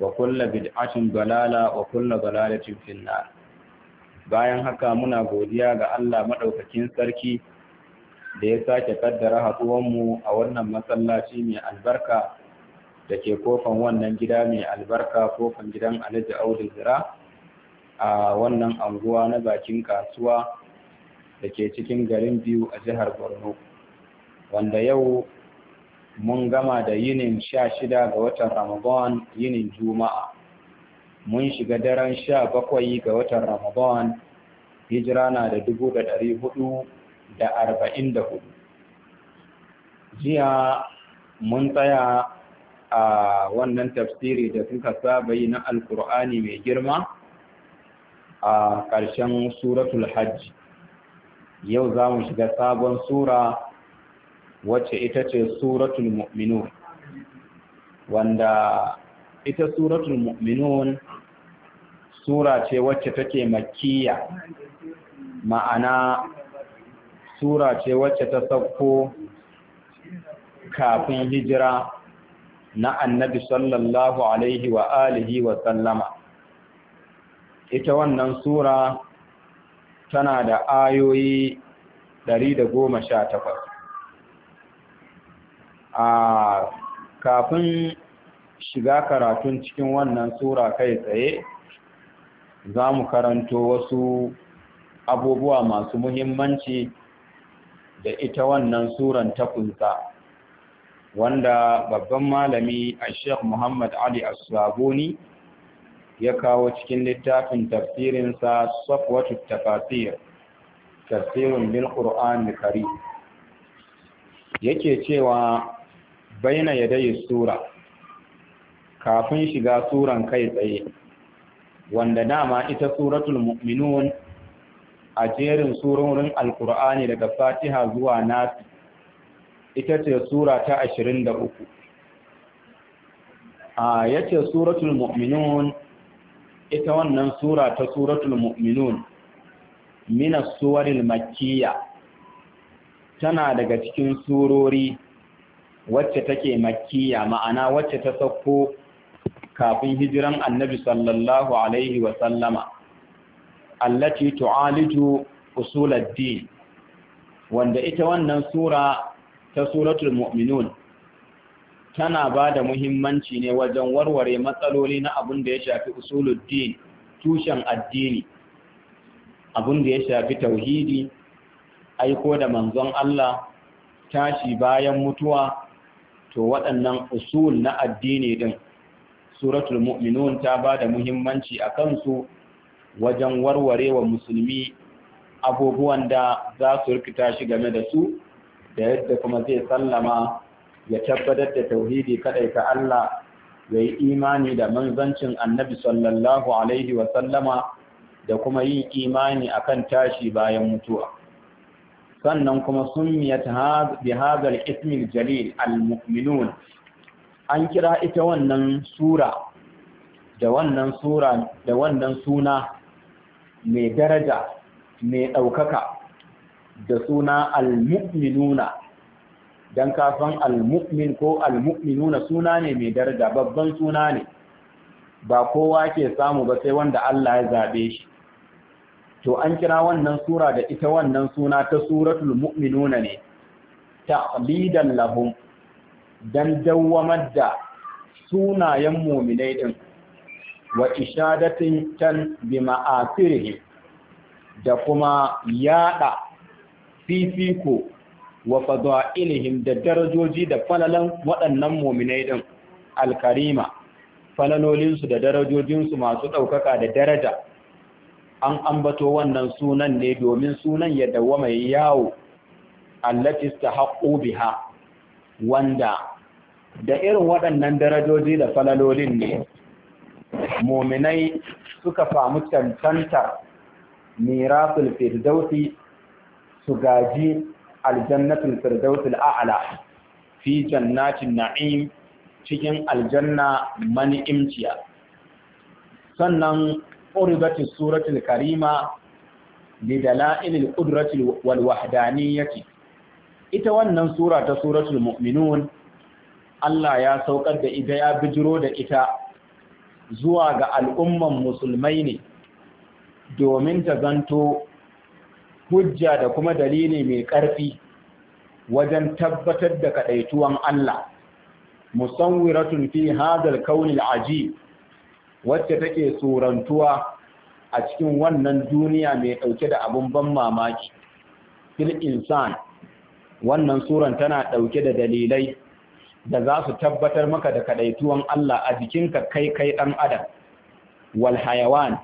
وكل بدعة ضلالة وكل ضلالة في النار bayan haka muna godiya ga Allah madaukakin sarki da ya sake kaddara mu a wannan masallaci mai albarka da ke kofan wannan gida mai albarka kofan gidan Alhaji Audu Zira a wannan anguwa na bakin kasuwa da ke cikin garin biyu a jihar Borno wanda yau mun gama da yinin sha shida ga watan Ramadan yinin Juma'a. Mun shiga daren sha bakwai ga watan Ramadan, hijira na da dubu da ɗari hudu da arba'in da hudu. Jiya mun tsaya a wannan tafsiri da suka saba yi na Alkur'ani mai girma a ƙarshen Suratul Hajji. Yau za mu shiga sabon Sura wacce ita ce suratul mu'minun wanda ita suratul mu'minun sura ce wacce take makkiya ma'ana sura ce wacce ta sauko kafin hijira na annabi sallallahu alaihi wa alihi wa sallama ita wannan sura tana da ayoyi 118 a kafin shiga karatun cikin wannan sura kai tsaye za mu karanto wasu abubuwa masu muhimmanci da ita wannan suran ta kunsa wanda babban malami a sheikh muhammad ali asuwaboni ya kawo cikin littafin tafsirinsa safwatu tafasir tafsirin bil da kari yake cewa baina yadayi sura kafin shiga suran kai tsaye wanda dama ita suratul mu'minun a jerin surorin alkur'ani daga fatiha zuwa nasi ita ce sura ta 23 a yace suratul mu'minun ita wannan sura ta suratul mu'minun min suwaril tana daga cikin surori wacce take makkiya ma'ana wacce ta sauko kafin hijiran annabi sallallahu alaihi wa sallama allati tu'aliju usul ad-din wanda ita wannan sura ta suratul mu'minun tana ba da muhimmanci ne wajen warware matsaloli na abin da ya shafi usuluddin tushen addini abin da ya shafi tauhidi aiko da manzon Allah tashi bayan mutuwa to waɗannan usul na addini ɗin suratul mu'minun ta ba da muhimmanci a kansu wajen warware wa musulmi abubuwan da za su rikita shi game da su da yadda kuma zai sallama ya tabbatar da tauhidi kadai ta Allah ya yi imani da manzancin annabi sallallahu alaihi da kuma yin imani akan tashi bayan mutuwa sannan kuma summiyat ta hadhal ismin jalil al mukminun an kira ita wannan sura da wannan sura da wannan suna mai daraja mai ɗaukaka da suna al mukminuna dan kafin al mukmin ko al mukminuna suna ne mai daraja babban suna ne ba kowa ke samu ba sai wanda Allah ya zaɓe shi to an kira wannan sura da ita wannan suna ta suratul mu'minuna ne ta'lidan lahum dan dawwamar da sunayen mu'minai din wa ishadatin tan bi ma'asirihi da kuma yada fifiko wa fadailihim da darajoji da falalan waɗannan mu'minai din alkarima falalolinsu da darajojinsu masu ɗaukaka da daraja an ambato wannan sunan ne domin sunan ya mai yawo allati istahaqqu biha wanda da irin waɗannan darajoji da falalolin ne muminai suka famu cancanta mirasul firdausi su gaji aljannatul firdausul a'la fi jannatin na'im cikin aljanna mani'imciya sannan عرضت السورة الكريمة لدلائل القدرة yake. ita wannan sura ta suratul mu'minun Allah ya saukar da ita ya bijiro da ita zuwa ga al'umman musulmai ne domin ta zanto hujja da kuma dalili mai ƙarfi wajen tabbatar da kaɗaituwan Allah musawwiratun fi hadal kaunil aji. wacce take surantuwa a cikin wannan duniya mai ɗauke da abun ban mamaki fil insan wannan suran tana ɗauke da dalilai da za su tabbatar maka da kadaituwan Allah a jikinka kai kai ɗan adam wal hayawan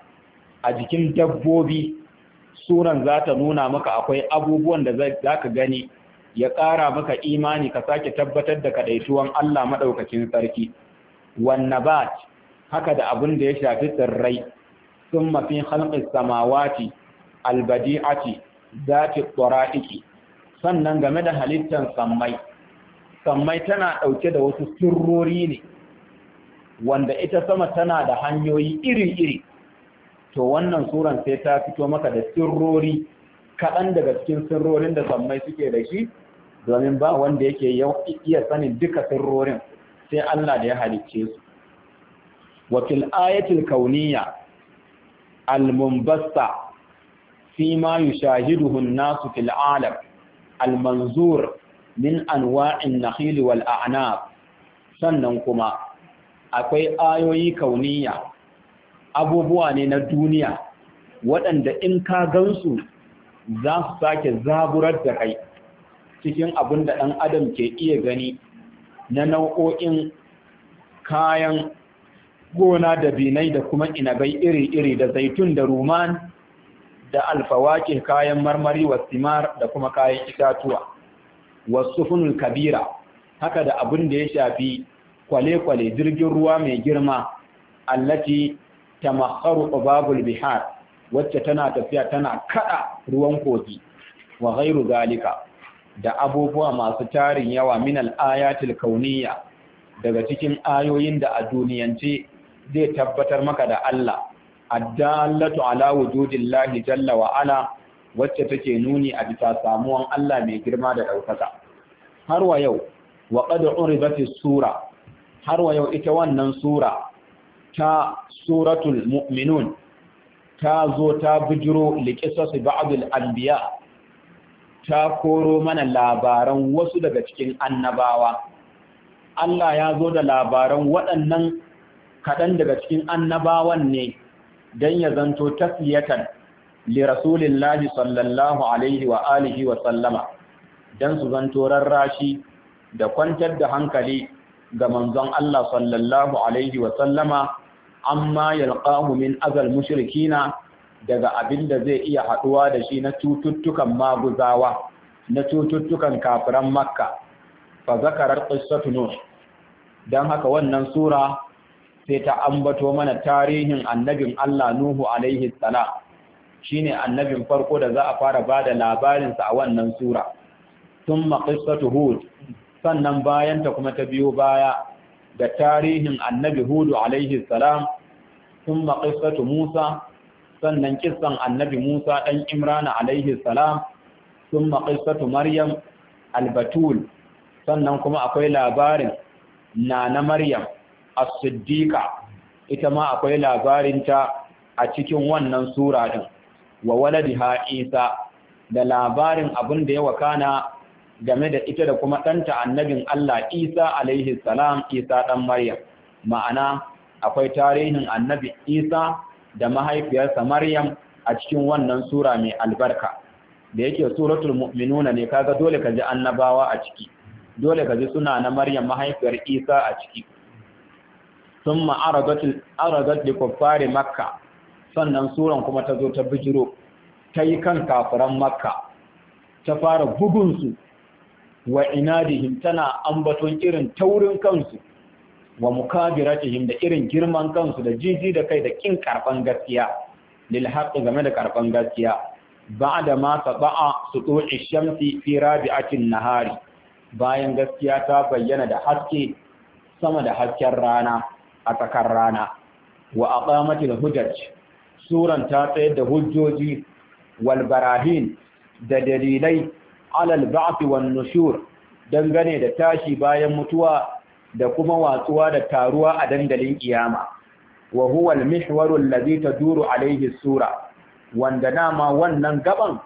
a jikin dabbobi suran za ta nuna maka akwai abubuwan da za ka gani ya ƙara maka imani ka sake tabbatar da kadaituwan Allah maɗaukakin sarki wan nabat haka da abin da ya shafi tsirrai sun mafin halƙin samawati albadi'ati zati tsora'iki sannan game da halittar sammai sammai tana ɗauke da wasu sirrori ne wanda ita sama tana da hanyoyi iri-iri to wannan suran sai ta fito maka da sirrori kaɗan daga cikin sirrorin da sammai suke da shi domin ba wanda yake iya sanin duka sirrorin sai Allah da ya halicce su wa fil ayatil kauniyya al-mumbasta fi ma yushahiduhu an-nasu fil alam min anwa'in nakhil wal a'nab sannan kuma akwai ayoyi kauniya abubuwa ne na duniya waɗanda in ka gansu za su sake zaburar da kai cikin abin da ɗan adam ke iya gani na nau'o'in kayan gona da binai da kuma inabai iri-iri da zaitun da ruman da alfawake kayan marmari wa simar da kuma kayan itatuwa wasu kabira haka da abin da ya shafi kwale-kwale jirgin ruwa mai girma allati ta makaru babul bihar wacce tana tafiya tana kada ruwan kogi wa gairu galika da abubuwa masu tarin yawa min al'ayatul kauniyya daga cikin ayoyin da a duniyance zai tabbatar maka da Allah addallatu ala wujudillahi jalla wa ala wacce take nuni a bisa samuwan Allah mai girma da ɗaukaka har wa yau wa qad sura har wa yau ita wannan sura ta suratul mu'minun ta zo ta bijiro liqisas ba'd anbiya ta koro mana labaran wasu daga cikin annabawa Allah ya zo da labaran waɗannan kaɗan daga cikin annabawan ne don ya zanto tasliyatan li rasulillahi sallallahu alaihi wa alihi wa sallama don su zanto rarrashi da kwantar da hankali ga manzon Allah sallallahu alaihi wa sallama amma yalqahu min azal mushrikina daga abin da zai iya haɗuwa da shi na cututtukan maguzawa na cututtukan kafiran makka fa zakarar qissatu nuh dan haka wannan sura sai ta ambato mana tarihin annabin Allah Nuhu alaihi salam shine annabin farko da za a fara bada labarinsa a wannan sura thumma qissatu hud sannan bayan ta kuma ta biyo baya da tarihin annabi hudu alaihi salam thumma qissatu musa sannan kissan annabi musa dan imrana alaihi salam thumma qissatu maryam albatul sannan kuma akwai labarin nana maryam as-siddiqa ita ma akwai labarinta a cikin wannan sura din wa waladiha isa da labarin abin da ya wakana game da ita da kuma ɗanta annabin Allah isa alaihi salam isa ɗan maryam ma'ana akwai tarihin annabi isa da mahaifiyarsa maryam a cikin wannan sura mai albarka da yake suratul mu'minuna ne kaga dole ka ji annabawa a ciki dole ka ji suna na maryam mahaifiyar isa a ciki sun ma'aragat da kuffari makka sannan suran kuma ta zo ta bijiro ta yi kan kafiran makka ta fara bugunsu wa inadihim tana ambaton irin taurin kansu wa mukabiratihim da irin girman kansu da jiji da kai da kin karban gaskiya lil game da karban gaskiya ba'da ma saba'a sudu'i shamsi fi rabi'atin nahari bayan gaskiya ta bayyana da haske sama da hasken rana a tsakar rana wa aqamatil hujjaj suran ta tsayar da hujjoji walbarahin da dalilai alal ba'th wan nushur dangane da tashi bayan mutuwa da kuma watsuwa da taruwa a dandalin kiyama wa huwa al mihwaru taduru alaihi sura wanda nama wannan gaban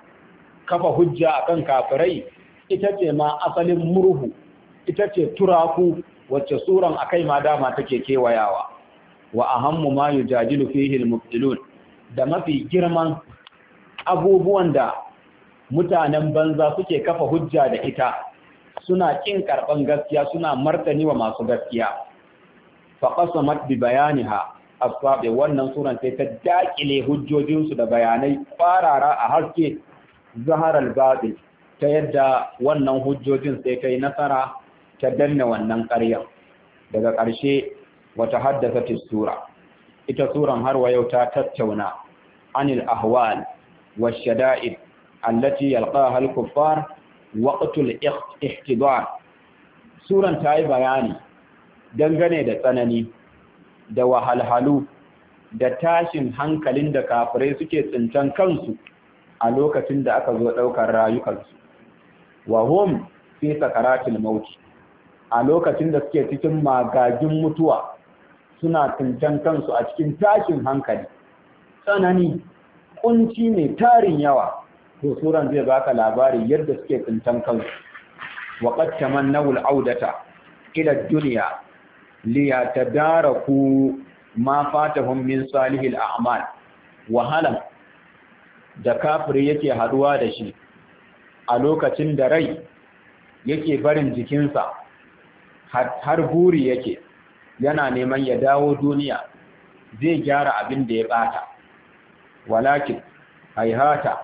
kafa hujja akan kafirai ita ce ma asalin murhu ita ce turaku wacce suran akai ma dama take kewayawa wa ahammu ma yujadilu fihi da mafi girman abubuwan da mutanen banza suke kafa hujja da ita suna kin karban gaskiya suna martani wa masu gaskiya fa qasamat bi bayaniha asfabe wannan suran sai ta dakile hujjojinsu da bayanai farara a haske zaharar batil ta yadda wannan hujjojin sai ta nasara ta danna wannan ƙaryar daga ƙarshe wata haddasa sura ita suran har wa yau ta tattauna anil ahwal wa shada'id allati yalqaha al-kuffar waqtul ihtidar suran ta yi bayani dangane da tsanani da wahalhalu da tashin hankalin da kafirai suke tsintan kansu a lokacin da aka zo ɗaukar rayukansu wa hum fi sakaratil mauti a lokacin da suke cikin magagin mutuwa suna tuntan kansu a cikin tashin hankali tsanani ƙunci mai tarin yawa to suran zai baka labari yadda suke tuntan kansu wa qad tamannaw al-audata ila ad-dunya li yatadaraku ma fatahum min salihil a'mal wahalan da kafiri yake haduwa da shi a lokacin da rai yake barin jikinsa har buri yake yana neman ya dawo duniya zai gyara abin da ya bata walakin haihata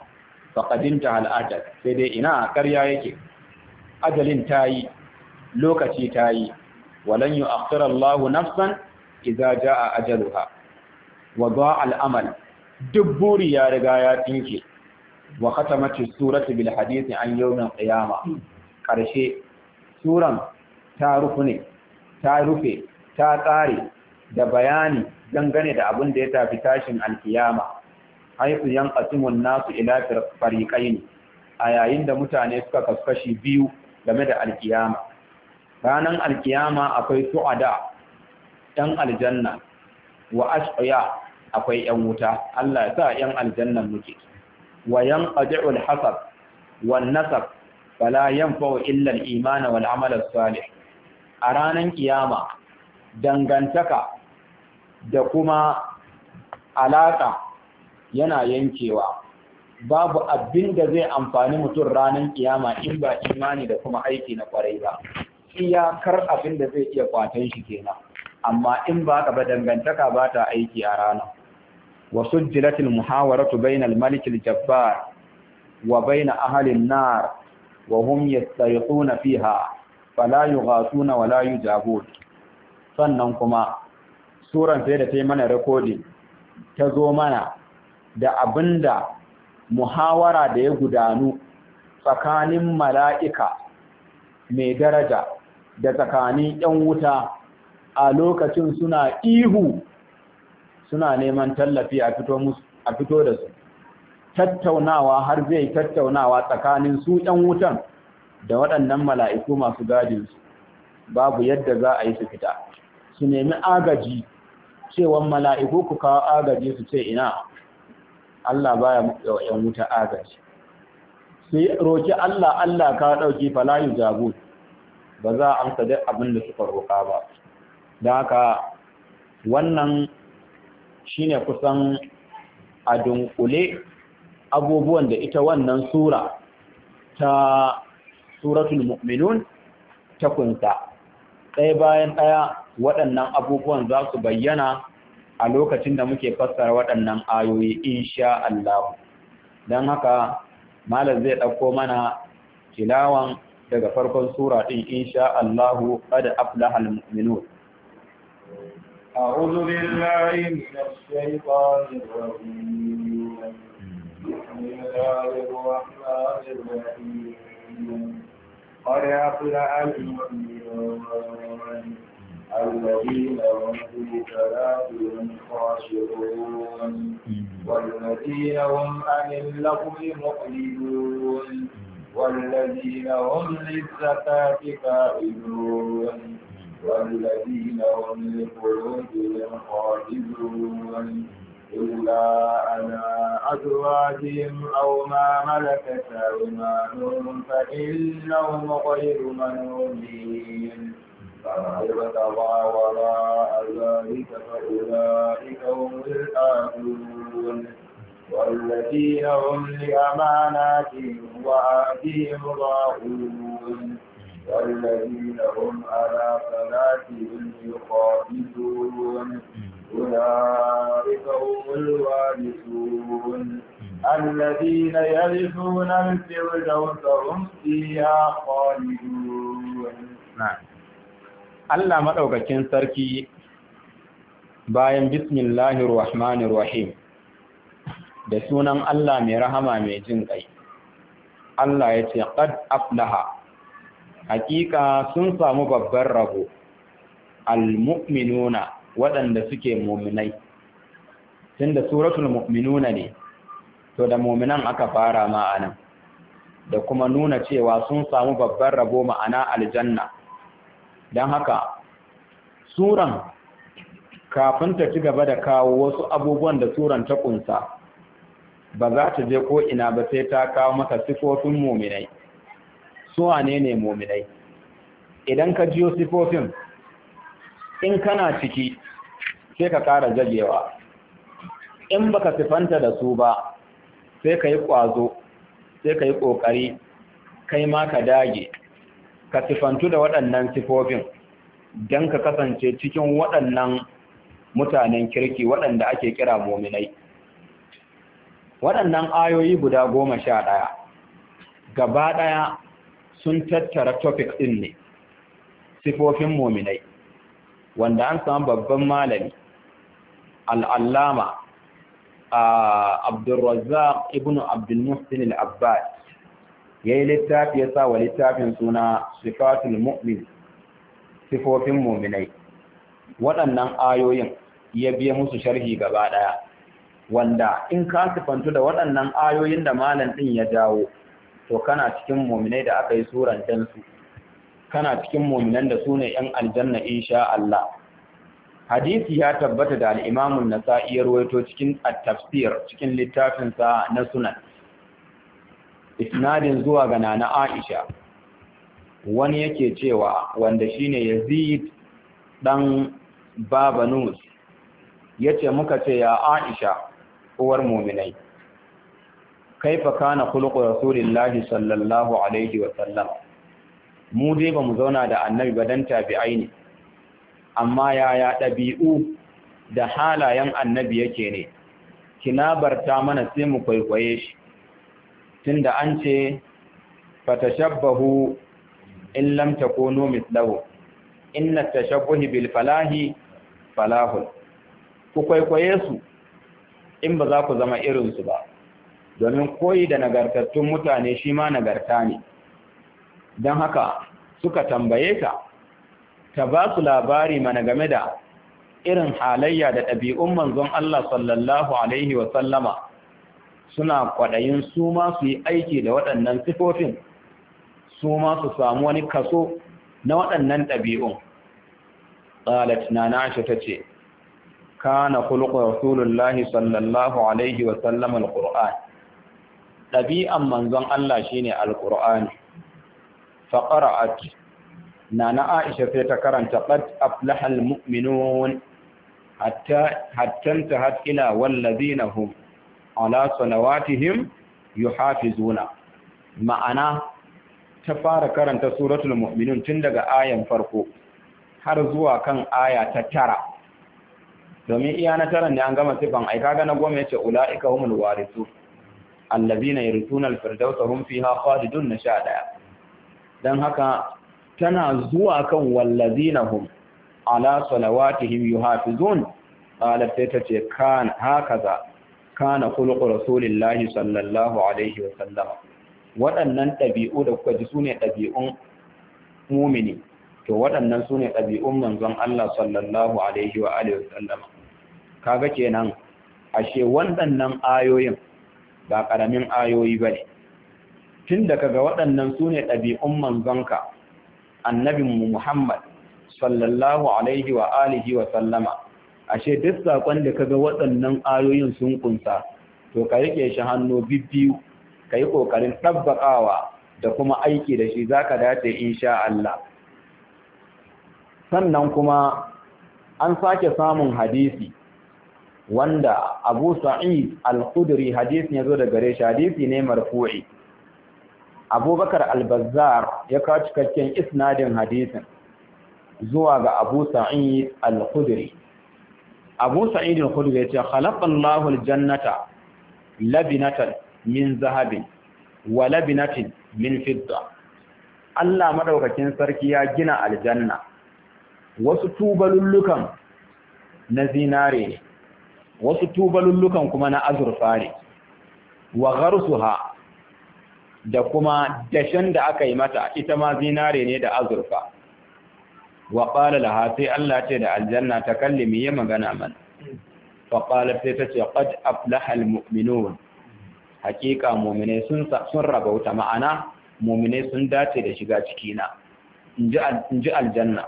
faƙadinta al'adar sai dai ina a ƙarya yake ajalin tayi lokaci tayi yi walan yi akhirallahu nafsan iza ja a ajaluha wa za al'amal duk buri ya riga ya tsinke wa katamacin suratu bil hadisi an al-qiyamah ƙarshe suran ta rufu ne ta rufe ta tsare da bayani dangane da abin da ya tafi tashin alkiyama haifu yan qasimun nasu ila fariqain a yayin da mutane suka kaskashi biyu game da alkiyama ranan alkiyama akwai su'ada ɗan aljanna wa ashqiya akwai ‘yan wuta, Allah ya sa ‘yan aljannan muke, wa ‘yan ƙaji'ul hasab, wa nasab, wala yan fawo illan imana wal amalar salih. a ranar kiyama dangantaka da kuma alaƙa yana yankewa babu abin da zai amfani mutum ranar kiyama in ba imani da kuma aiki na kwarai ba iyakar abin da zai iya kwatan shi kenan amma in ba ka ba dangantaka ba ta aiki a rana. wasu jilatil muhawaratu bainal malikil jabbar wa baina ahalin nar wa hum yastayquna fiha fala gasuna wala yujabun sannan kuma suran sai da ta mana rikodin ta zo mana da abinda muhawara da ya gudanu tsakanin mala'ika mai daraja da tsakanin ‘yan wuta a lokacin suna ihu suna neman tallafi a fito da su. Tattaunawa har zai tattaunawa tsakanin su ‘yan wutan da waɗannan mala'iku masu gadinsu babu yadda za a yi su fita su nemi agaji cewan mala'iku ku kawo agaji su ce ina Allah baya yan wuta agaji su roki Allah Allah ka ɗauki falayu jagu ba za a amsa duk abin da suka roƙa ba da haka wannan shine kusan a dunkule abubuwan da ita wannan sura ta suratul mu'minun ta sai ɗaya bayan ɗaya waɗannan abubuwan za su bayyana a lokacin da muke fassara waɗannan ayoyi insha Allah don haka malam zai ɗauko mana tilawan daga farkon sura din insha Allah qad aflahal mu'minun أعوذ بالله من الشيطان الرجيم بسم الله الرحمن الرحيم قد أفلح المؤمنون الذين هم في صلاتهم خاشعون والذين هم عن اللغو مؤمنون والذين هم للزكاة فاعلون والذين هم لفروجهم خاشعون إلا على أزواجهم أو ما ملكت أيمانهم فإنهم غير ملومين فمن ابتغى وراء ذلك فأولئك هم الآخرون والذين هم لأماناتهم وعهدهم راعون والذين هم على صلاتهم يقاتلون أولئك هم الوارثون الذين يرثون الفردوس هم فيها خالدون نعم Allah maɗaukakin sarki bayan bismillahir rahmanir rahim da sunan Allah mai rahama mai jin ƙai Allah ya ce qad aflaha hakika sun samu babbar rabo almu'minuna waɗanda suke muminai tunda suratul mu'minuna ne to da muminan aka fara ma anan da kuma nuna cewa sun samu babbar rabo ma'ana aljanna don haka suran kafin ta ci gaba da kawo wasu abubuwan da suran ta kunsa ba za ta je ko ina ba sai ta kawo maka sifofin muminai su Wanene ne muminai idan ka jiyo sifofin in kana ciki sai ka kara jagewa in baka sifanta da su ba sai ka yi ƙwazo sai ka yi ƙoƙari kai ma ka dage ka sifantu da waɗannan sifofin don ka kasance cikin waɗannan mutanen kirki waɗanda ake kira mominai waɗannan ayoyi guda goma sha ɗaya gaba ɗaya sun tattara topic ɗin ne sifofin mominai wanda an samu babban malami al'allama uh, abdulrazzaq ibn abdullmuhsin al'abbas ya yi littafi ya sa wa littafin suna sifatul mu'min sifofin muminai waɗannan ayoyin ya biya musu sharhi gaba ɗaya wanda in ka sifantu da waɗannan ayoyin da malam ɗin ya jawo to kana cikin muminai da aka yi surantansu kana cikin muminan da su ne ‘yan aljanna sha Allah hadisi ya tabbata da al'imamun nasa'i ya Waito cikin at-tafsir cikin littafinsa na sunan isnadin zuwa ga nana aisha wani yake cewa wanda shine yazid dan ya yace muka ce ya aisha uwar muminai kaifa kana khuluqu rasulillahi sallallahu alaihi wa sallam mu dai mu zauna da annabi ba dan tabi'ai ne amma yaya ɗabi'u da halayen annabi yake ne kinabarta mana sai mu kwaikwaye shi tunda an ce shabbahu in lam takunu mislahu inna tashabbuhi bil falahi falahul ku kwaikwaye su in ba za ku zama irinsu ba domin koyi da nagartattun mutane shi ma nagarta ne don haka suka tambaye ka ta ba su labari mana game da irin halayya da ɗabi'un manzon Allah sallallahu Alaihi wasallama suna kwaɗayin su ma su yi aiki da waɗannan sifofin su ma su samu wani kaso na waɗannan ɗabi'un. Tsalat na nashi ta ce, Kana kulku Rasulullahi sallallahu Alaihi Ɗabi'an manzon Allah shi ne al-Qur'an, nana Aisha sai ta karanta qad aflahal mu'minun hatta hattanta tahat ila wallazina hum ala salawatihim yuhafizuna ma'ana ta fara karanta suratul mu'minun tun daga ayan farko har zuwa kan aya ta tara domin iya na tara ne an gama sifan ai kaga na goma yace ulaika humul warisu allazina yarithuna al-firdausa hum fiha khalidun na sha daya dan haka tana zuwa kan wallazina hum ala salawatihim yuhafizun qalat sai ta ce kan hakaza kana khuluqu rasulillahi sallallahu alaihi wa sallam waɗannan ɗabi'u da kuka ji sune ɗabi'un mumini to waɗannan sune ɗabi'un manzon Allah sallallahu alaihi wa alihi wa sallam kaga kenan ashe waɗannan ayoyin ba ƙaramin ayoyi bane tunda kaga waɗannan sune ɗabi'un manzonka annabin Muhammad sallallahu alaihi wa alihi wa sallama ashe duk sakon da kaga waɗannan ayoyin sun kunsa to ka rike shi hannu bibbiyu kai kokarin tabbakawa da kuma aiki da shi zaka dace insha Allah sannan kuma an sake samun hadisi wanda Abu Sa'id Al-Khudri hadisi ne zo daga gare shi hadisi ne marfu'i abubakar al ya kawo cikakken isnadin hadisin zuwa ga abu sa'id al-khudri abu sa'id al-khudri ya ce khalaqallahu al-jannata labinatan min zahabin wa labinatin min fidda Allah madaukakin sarki ya gina aljanna wasu tubalullukan na zinare wasu tubalullukan kuma na azurfa ne wa gharsuha da kuma dashen da aka yi mata ita ma zinare ne da azurfa wa qala laha sai Allah ce da aljanna ta kallimi ya magana man fa qala sai ta ce qad aflaha almu'minun hakika mu'mine sun sun rabauta ma'ana mu'mine sun dace da shiga ciki na inji aljanna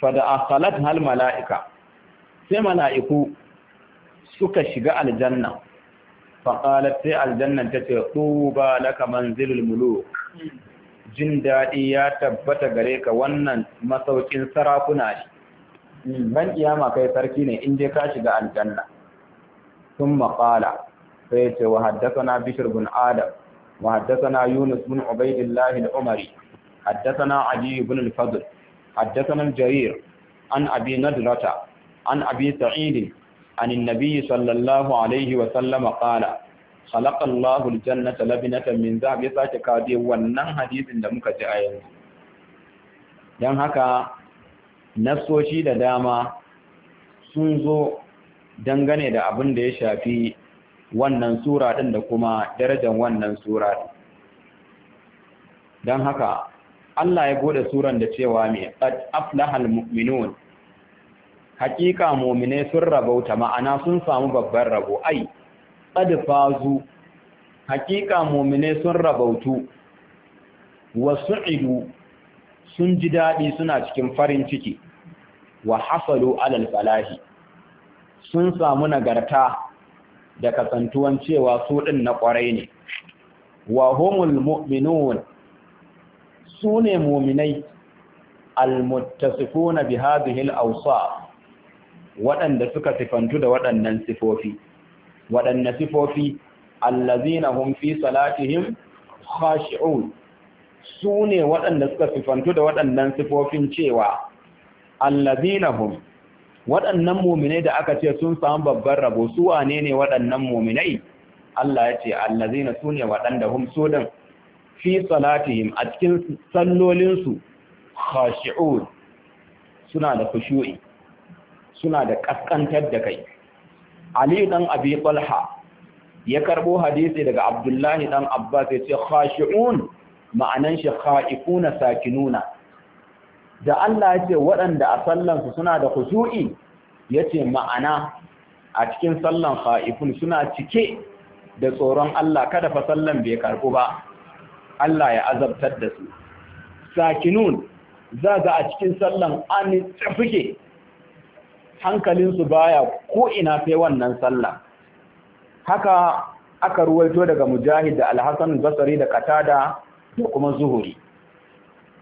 fa da akhalat hal mala'ika sai mala'iku suka shiga aljanna faƙalar sai aljannan ta ce ɗuba laka manzilul muluk jin daɗi ya tabbata gare ka wannan masaukin sarakuna ne ban iyama kai sarki ne in je ka shiga aljanna sun maƙala sai ce wa haddasa na bishir bin adam wa haddasa na yunus bin ubaidillahi al'umari haddasa na Aliyu bin al-fadl haddasa na jarir an abi nadrata an abi sa'idin عن النبي صلى الله عليه وسلم قال خلق الله الجنة لبنة من ذهب يساك كادي wannan hadisin da muka ji a yanzu dan haka nasoshi da dama sun zo dangane da abin da ya shafi wannan sura din da kuma darajar wannan sura dan haka Allah ya gode suran da cewa mai qad aflahal mu'minun Hakika muminai sun rabauta ma'ana sun samu babban rabo ai qad fazu haƙiƙa muminai sun rabautu wa su'idu sun ji daɗi suna cikin farin ciki wa hasalu alal falahi sun samu nagarta da kasantuwan cewa su ɗin na ƙwarai ne wa humul mu'minun su ne muminai muttasifuna bi hadhihi al-awsaf waɗanda suka sifantu da waɗannan sifofi waɗanne sifofi allazina hum fi salatihim khashi'un su ne waɗanda suka sifantu da waɗannan sifofin cewa allazina hum waɗannan muminai da aka ce sun samu babban rabo su wane ne waɗannan muminai Allah ya ce allazina su ne waɗanda hum su din fi salatihim a cikin sallolinsu khashi'un suna da khushu'i suna da ƙasƙantar da kai ali ɗan abi talha ya karɓo hadisi daga abdullahi ɗan abbas yace khashi'un ma'anan shi khaifuna sakinuna da Allah yace waɗanda a sallansu su suna da khushu'i yace ma'ana a cikin sallan khaifun suna cike da tsoron Allah kada fa sallan bai karɓi ba Allah ya azabtar da su sakinun za ga a cikin sallan an tsafuke hankalinsu baya ko ina sai wannan sallah haka aka ruwaito daga mujahid da alhassan basari da katada da kuma zuhuri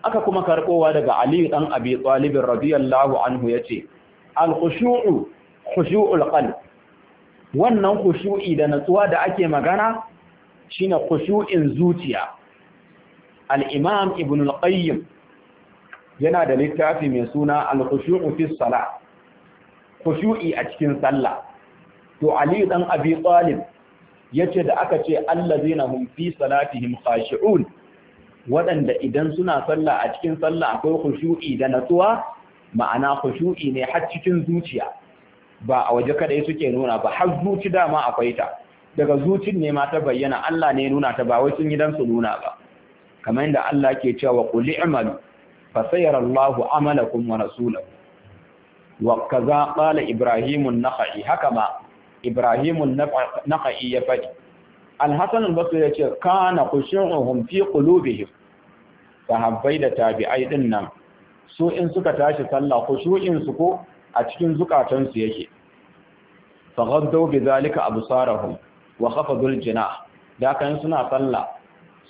aka kuma karkowa daga ali dan abi talib radiyallahu anhu yace al-khushu'u khushu'ul qalb wannan khushu'i da natsuwa da ake magana shine khushu'in zuciya al-imam ibn al-qayyim yana da littafi mai suna al-khushu'u fi salat khushu'i a cikin sallah to Ali dan Abi Talib yace da aka ce allazina hum fi salatihim khashi'un waɗanda idan suna sallah a cikin sallah akwai khushu'i da natsuwa ma'ana khushu'i ne har cikin zuciya ba a waje kadai suke nuna ba har zuci dama akwai ta daga zucin ne ma ta bayyana Allah ne nuna ta ba wai sun yi su nuna ba kamar yadda Allah ke cewa qul i'malu fa sayara Allahu amalakum wa rasulahu wa kaza qala ibrahimun naqai haka ma ibrahimun naqai ya faɗi al-hasan al ya ce kana khushuhum sahabbai da tabi'ai din nan su in suka tashi sallah khushu'in su ko a cikin zukatan su yake fa ghaddu bi zalika absarahum wa khafadul jinah da kan suna sallah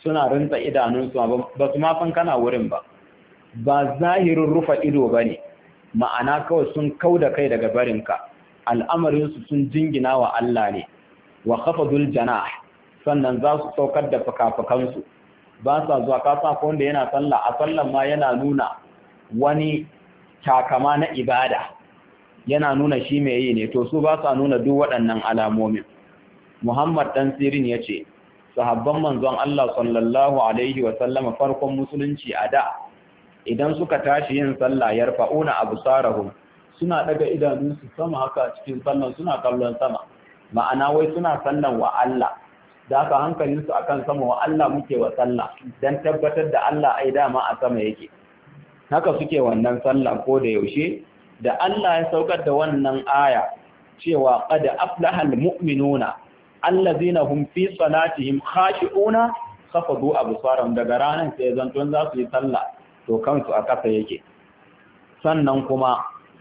suna rinta idanunsu ba su ma san kana wurin ba ba zahirin rufa ido ba ne ma'ana kawai sun kau da kai daga barinka al'amarinsu sun jingina wa Allah ne wa khafadul janah sannan za su saukar da fakafakansu ba sa zuwa kasa ko wanda yana sallah a sallan ma yana nuna wani takama na ibada yana nuna shi mai yi ne to su ba sa nuna duk waɗannan alamomin Muhammad dan Sirin ce. sahabban manzon Allah sallallahu alaihi wa sallama farkon musulunci a da idan suka tashi yin sallah yarfa'una absarahum suna daga idanunsu sama haka cikin sallan suna kallon sama ma'ana wai suna sallan wa Allah da haka hankalinsu akan sama wa Allah muke wa sallah dan tabbatar da Allah ai dama a sama yake haka suke wannan sallah ko da yaushe da Allah ya saukar da wannan aya cewa qad aflahal muminuna allazina hum fi salatihim khashi'una khafadu absarahum daga ranan sai zanton za su yi sallah to kansu a ƙasa yake sannan kuma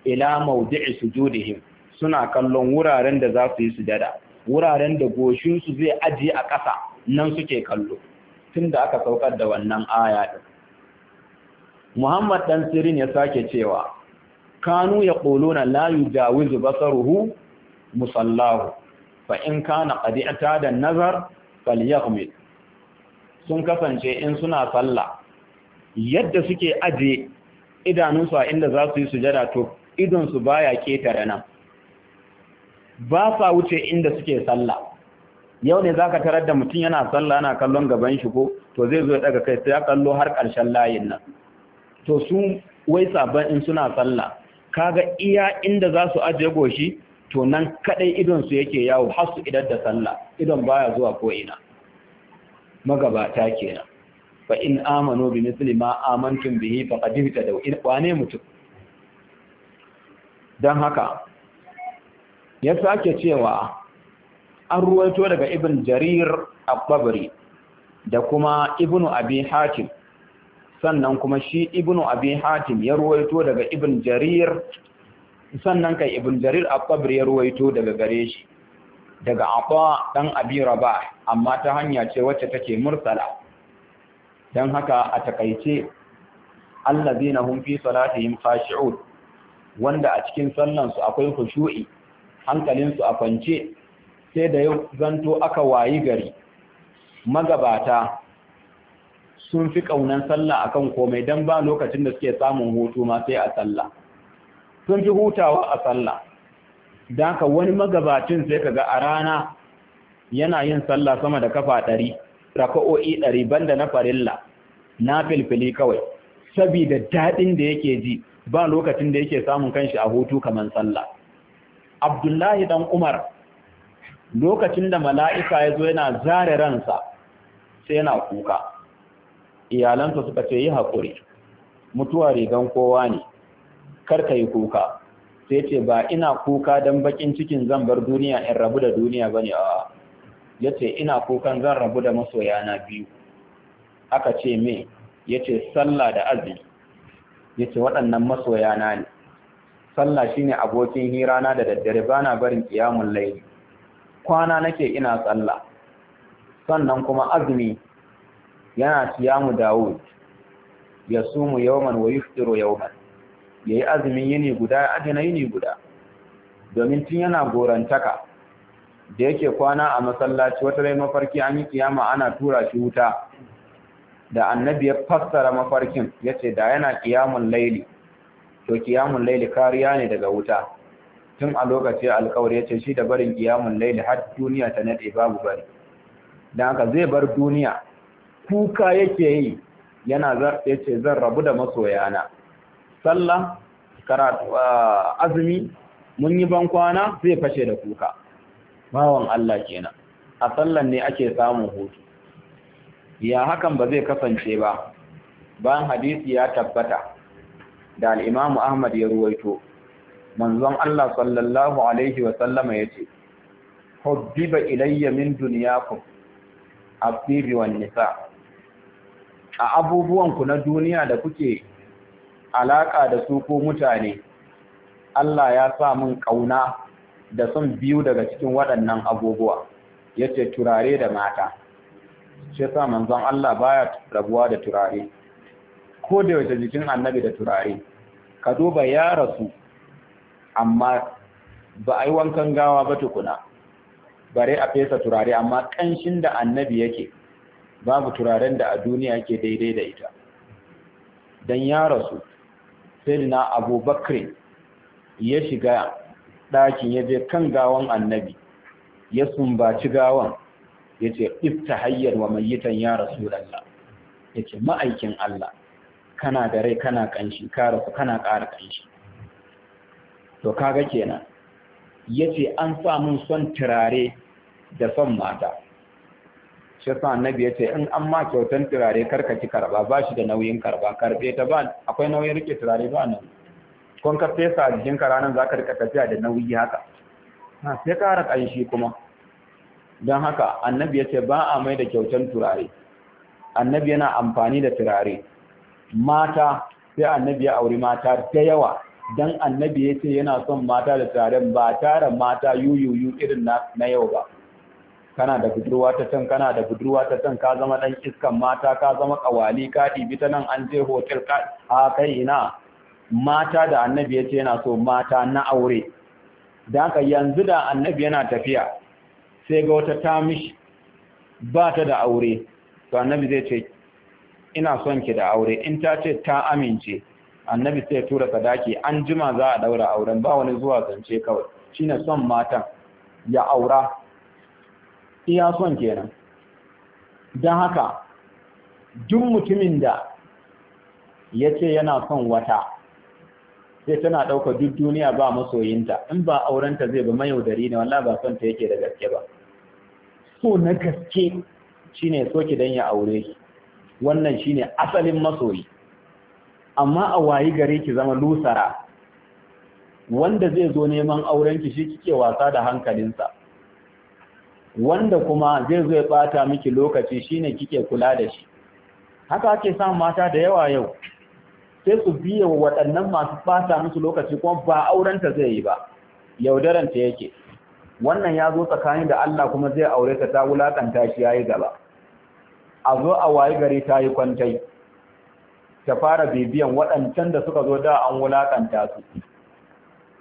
ila maudi'i sujudihim suna kallon wuraren da za su yi sujada wuraren da goshinsu zai ajiye a ƙasa nan suke kallo tunda aka saukar da wannan aya din muhammad ɗan sirin ya sake cewa kanu ya ƙolona layu jawizu basaruhu musallahu fa in kana ƙadi'ata da nazar falyaghmid sun kasance in suna sallah yadda suke aje idanunsu a inda za su yi sujada to idonsu baya ketare nan ba sa wuce inda suke sallah yau ne zaka tarar da mutum yana salla yana kallon gaban shi ko to zai zo ya daga kai sai ya kallo har karshen layin nan to su wai saban in suna sallah kaga iya inda za su aje goshi to nan kadai idonsu su yake yawo har su idar da sallah idon baya zuwa ko ina magabata kenan fa in amano bi misli ma amantum bihi faqad ihtadaw in wane mutum dan haka ya sake cewa an ruwaito daga ibn jarir al Qabri da kuma ibn abi hatim sannan kuma shi ibn abi hatim ya ruwaito daga ibn jarir sannan kai ibn jarir al Qabri ya ruwaito daga gare shi daga aqwa dan abi rabah amma ta hanya ce wacce take mursala don haka a takaice allazina hum fi salatihim khashi'un wanda a cikin sallan su akwai khushu'i hankalin su a kwance sai da yau zanto aka wayi gari magabata sun fi kaunan sallah akan komai dan ba lokacin da suke samun hutu ma sai a sallah sun fi hutawa a sallah dan ka wani magabacin sai kaga a rana yana yin sallah sama da kafa ɗari raka'o'i ɗari banda na farilla na filfili kawai sabida daɗin da yake ji ba lokacin da yake samun kanshi a hutu kamar sallah abdullahi dan umar lokacin da mala'ika ya zo yana zare ransa sai yana kuka iyalansa suka ce yi haƙuri mutuwa rigan kowa ne karka yi kuka sai ce ba ina kuka don bakin cikin zan bar duniya in rabu da duniya ba ne a ya ce ina kukan zan rabu da masoyana biyu aka ce me ya ce sallah da azumi ya ce waɗannan na ne sallah shine abokin hirana da daddare bana barin kiyamun laili kwana nake ina sallah sannan kuma azumi yana mu dawud ya sumu yawman wa yuftiru yawman yayi azumin yini guda ya ajina yini guda domin tun yana gorantaka da yake kwana a masallaci wata rai mafarki an yi kiyama ana tura shi wuta da annabi ya fassara mafarkin ya ce da yana kiyamun laili to kiyamun laili kariya ne daga wuta tun a lokaci alkawar ya ce shi da barin kiyamun laili har duniya ta nade babu bari don haka zai bar duniya kuka yake yi yana ya ce zan rabu da masoyana sallah ah, azumi mun yi bankwana zai fashe da kuka bawan Allah kenan a sallan ne ake samun hutu ya hakan ba zai kasance ba bayan hadisi ya tabbata da al'imamu Ahmad ya ruwaito manzon Allah sallallahu alaihi wa sallama yace hubbiba ilayya min dunyakum abdi wa nisa a abubuwan ku na duniya da kuke alaka da su ko mutane Allah ya sa mun kauna da son biyu daga cikin waɗannan abubuwa yace turare da mata shi yasa manzon Allah baya rabuwa da turare ko da yaushe jikin annabi da turare ka duba ya rasu amma ba a yi wankan gawa ba tukuna bare a fesa turare amma ƙanshin da annabi yake babu turaren da a duniya yake daidai da ita Dan ya rasu sai na abubakar ya shiga ɗakin ya je kan gawan annabi ya sumbaci gawan ya ce ifta hayyar wa mayitan ya rasu lalla ya ce ma'aikin Allah kana da rai kana ƙanshi ka rasu kana ƙara ƙanshi to kaga kenan ya ce an samun son turare da son mata shi sa annabi ya ce in an ma kyautan turare ki karba ba shi da nauyin karba karbe ta ba akwai nauyin rike turare ba nan kun ka fesa a jikinka ranar za ka rika tafiya da nauyi haka sai ƙara ƙanshi kuma don haka annabi ya ce ba a mai da kyautan turare annabi yana amfani da turare mata sai annabi ya auri mata ta yawa don annabi ya ce yana son mata da turaren ba tara mata yuyuyu irin na yau ba kana da budurwa ta can kana da budurwa ta can ka zama dan iskan mata ka zama kawali ka ɗibi ta nan an je hotel ka a kai ina mata da annabi ya ce yana so mata na aure da haka yanzu da annabi yana tafiya sai ga wata tamish ba ta da aure to annabi zai ce ina son ki da aure in ta ce ta amince annabi sai tura sadaki an jima za a daura auren ba wani zuwa zance kawai shine son matan ya aura iya son kenan don haka duk mutumin da ya ce yana son wata sai tana ɗaukar duk duniya ba masoyinta in ba aurenta zai ba mayaudari ne wallahi ba son ta yake da gaske ba so na gaske shine so ki dan ya aure ki wannan shine asalin masoyi amma a wayi gare ki zama lusara wanda zai zo neman aurenki shi kike wasa da hankalinsa wanda kuma zai zo ya bata miki lokaci shine kike kula da shi haka ake samun mata da yawa yau sai su biya wa waɗannan masu fata musu lokaci kuma ba aurenta zai yi ba yaudaranta yake wannan ya zo tsakanin da Allah kuma zai aure ta ta wulakanta shi yayi gaba a zo a wayi gari ta yi kwantai ta fara bibiyan waɗancan da suka zo da an wulakanta su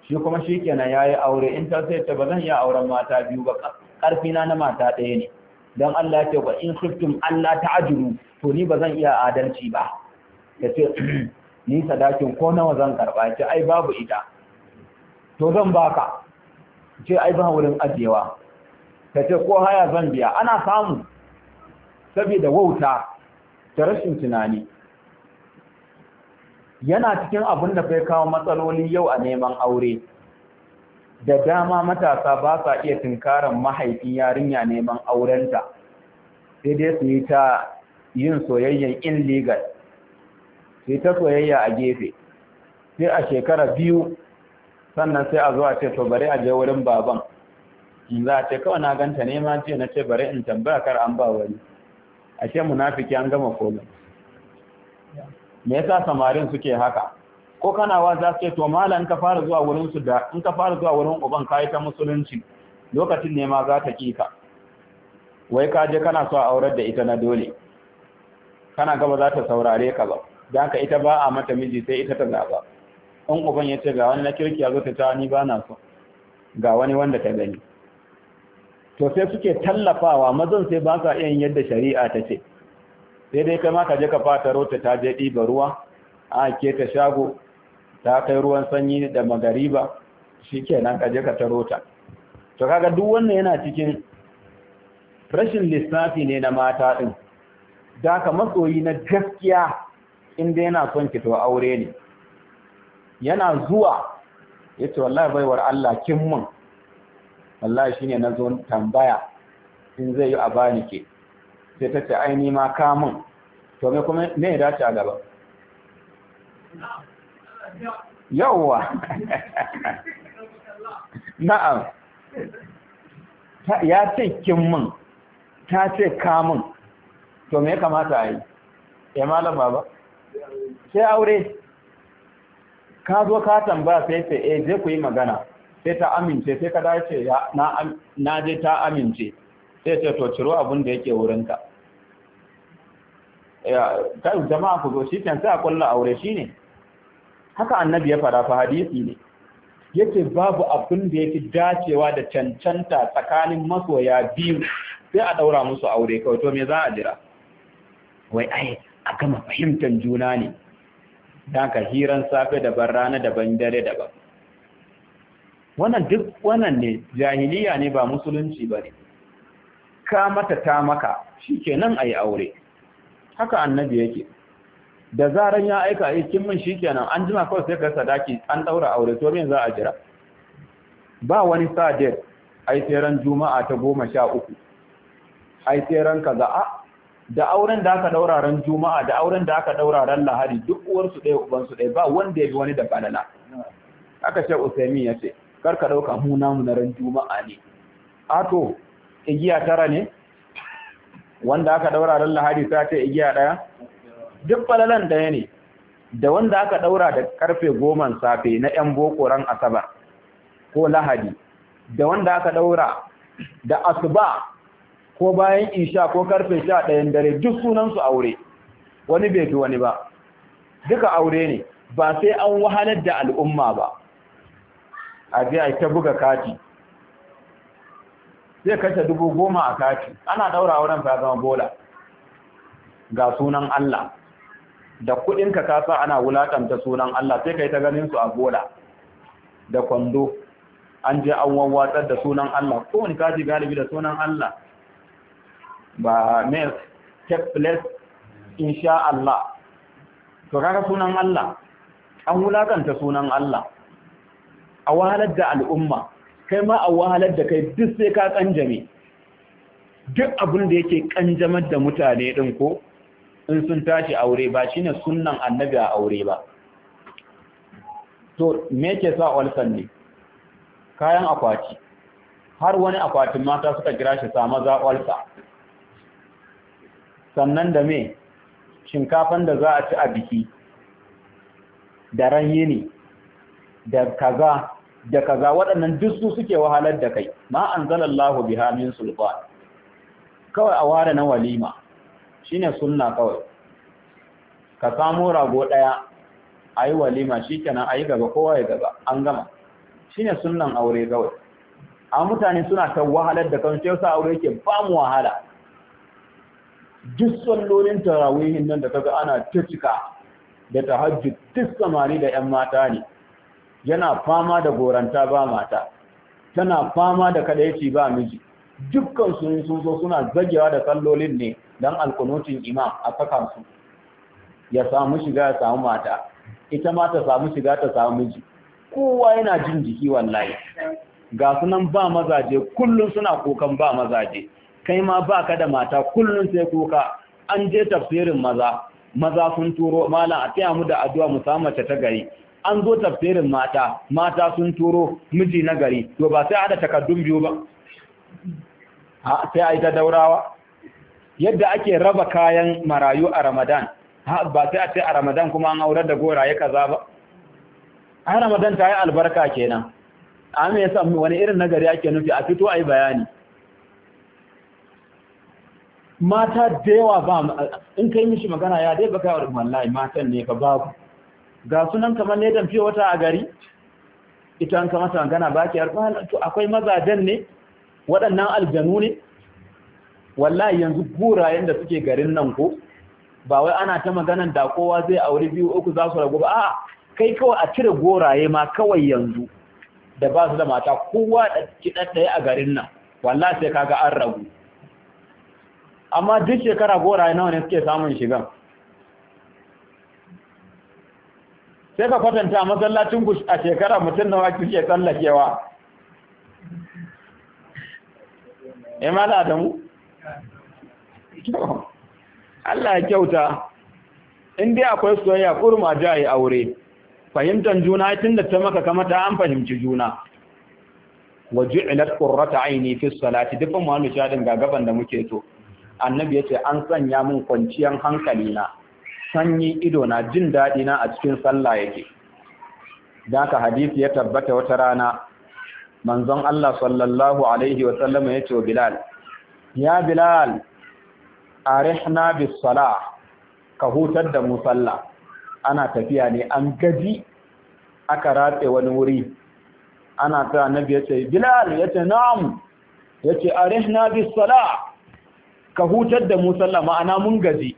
shi kuma shi kenan ya yi aure in ta sai ta ba zan yi auren mata biyu ba ƙarfina na mata ɗaya ne don Allah ce ba in khiftum Allah ta ajiru to ni ba zan iya adalci ba ya ce ni sadakin ko nawa zan karba ce ai babu ita to zan baka ce ai ba wurin ajewa ta ce ko haya zan biya ana samu saboda wauta da rashin tunani yana cikin abin da bai kawo matsaloli yau a neman aure da dama matasa ba sa iya tunkaran mahaifin yarinya neman aurenta sai dai su yi ta yin soyayyen illegal sai ta soyayya a gefe sai a shekara biyu sannan sai a zo a ce to bari a je wurin baban in za a ce kawai na ganta ne ma ce na ce bari in tambaya kar an ba wani ashe munafiki an gama komai me yasa samarin suke haka ko kana wa za ce to malam ka fara zuwa wurin su da in ka fara zuwa wurin uban kai ta musulunci lokacin ne ma za ta kika wai ka je kana so a aurar da ita na dole kana gaba za ta saurare ka ba da haka ita ba a mata miji sai ita ta zaba in uban ya ce ga wani na kirki a zuta ta ni ba na so ga wani wanda ta gani to sai suke tallafawa mazan sai ba sa iya yadda shari'a ta ce sai dai kai ma ka je ka fata rota ta je ɗiba ruwa a ke ta shago ta kai ruwan sanyi da magariba shikenan ka je ka taro ta to kaga duk wannan yana cikin rashin lissafi ne na mata din da ka matsoyi na gaskiya in dai yana son ki to aure ne yana zuwa yace wallahi wallahi baiwar Allah kin mun wallahi shine nazo tambaya in zai yi a bani ke sai ta ce ai ni ma ka mun to me kuma me ya dace a gaba yawa na'am ya ce kin mun ta ce ka mun to me ya kamata a yi ya eh, malam baba sai aure ka zo ka tambaya sai ce eh je ku yi magana sai ta amince sai ka dace na je ta amince sai ce to ciro abin da yake wurinka ta jama'a ku zo shi kan sai a kulla aure shine haka annabi ya fara fa hadisi ne yace babu abin da yake dacewa da cancanta tsakanin masoya biyu sai a daura musu aure kawai to me za a jira wai ai a gama fahimtar juna ne don ka hiran safe daban rana daban dare daban wannan duk wannan ne jahiliya ne ba musulunci ba ne ka mata ta maka shi kenan a yi aure haka annabi yake da zaran ya aika aikin min shi kenan an jima kawai sai ka sadaki an ɗaura aure to min za a jira ba wani sadir ai tseren juma'a ta goma sha uku ai tseren kaza a da auren da aka daura ran juma'a da auren da aka daura ran lahari duk uwarsu ɗaya su ɗaya ba wanda ya bi wani da balala. aka ce usaimin ya ce kar ka ɗauka mu namu na ran juma'a ne ato igiya tara ne wanda aka daura ran lahari sai ce igiya ɗaya duk balalan ɗaya ne da wanda aka daura da karfe goman safe na yan boko ran asabar ko lahadi da wanda aka daura da asuba ko bayan isha ko karfe sha ɗayan dare duk sunansu aure wani bai fi wani ba duka aure ne ba sai an wahalar da al'umma ba a je a ta buga kati zai kashe dubu goma a kati ana daura auren fa zama bola ga sunan Allah da kuɗinka kasa ana wulatanta sunan Allah sai kai ta ganin su a bola da kwando an je an wawatsar da sunan Allah kowane kati galibi da sunan Allah Ba take place insha Allah to kaga sunan Allah an wulakanta sunan Allah a wahalar da al'umma kai ma a wahalar da kai duk sai ka kanjame duk abin da yake kanjamar da mutane din ko in sun tashi aure ba shine sunnan annabi a aure ba to me yake sa olsan ne kayan akwati har wani akwatin mata suka kira shi sa maza olsa sannan da me shinkafan da za a ci a biki da ranye ne da kaza da kaza waɗannan duk su suke wahalar da kai ma anzalallahu biha min sulfan kawai a ware na walima shine sunna kawai ka samu rago ɗaya a yi walima shi kenan a yi gaba kowa ya gaba an gama shi ne sunan aure kawai a mutane suna ta wahalar da kan shi aure yake ba mu wahala duk sallolin tarawihin nan da kaga ana ta cika da tahajjud duk samari da ƴan mata ne yana fama da goranta ba mata tana fama da kadaici ba miji dukkan su sun zo suna zagewa da sallolin ne dan alkunutin imam a saka su ya samu shiga ya samu mata ita ma ta samu shiga ta samu miji kowa yana jin jiki wallahi ga sunan ba mazaje kullum suna kokan ba mazaje kai ma ba ka da mata kullum sai kuka an je tafsirin maza maza sun turo malam a taya mu da addu'a mu samu mace ta gari an zo tafsirin mata mata sun turo miji na gari to ba sai ada takaddun biyu ba ha sai ai ta daurawa yadda ake raba kayan marayu a Ramadan ha ba sai a ce a Ramadan kuma an aurar da goraye kaza ba a Ramadan ta yi albarka kenan a me yasa wani irin nagari ake nufi a fito ai bayani mata da yawa ba in kai mishi magana ya dai baka yawar wallahi matan ne ba ku ga sunan kamar ne dan fiye wata a gari ita an kamata magana ba ki arfa to akwai mazajen ne waɗannan aljanu ne wallahi yanzu gura da suke garin nan ko ba wai ana ta maganan da kowa zai aure biyu uku za su ragu ba a'a kai kawai a cire goraye ma kawai yanzu da ba su da mata kowa da kiɗaɗɗaya a garin nan wallahi sai kaga an ragu amma duk shekara goraye nawa ne suke samun shiga sai ka kwatanta masallacin ku a shekara mutum nawa kike tsallakewa ya eh, mala da mu Allah ya kyauta in dai akwai soyayya kurma jayi aure fahimtar juna tun da ta maka kamata an fahimci juna wa ilar qurrata aini fi salati dukkan mu shaɗin ga gaban da muke to annabi ya ce an sanya min kwanciyar hankali na sanyi ido na jin daɗi na a cikin sallah yake da ka hadisi ya tabbata wata rana manzon Allah sallallahu alaihi wa sallam ya ce wa Bilal ya Bilal arihna bis salah ka hutar da mu sallah ana tafiya ne an gaji aka ratse wani wuri ana ta annabi ya ce Bilal ya ce na'am ya ce arihna bis salah ka hutar da mu sallah ma'ana mun gaji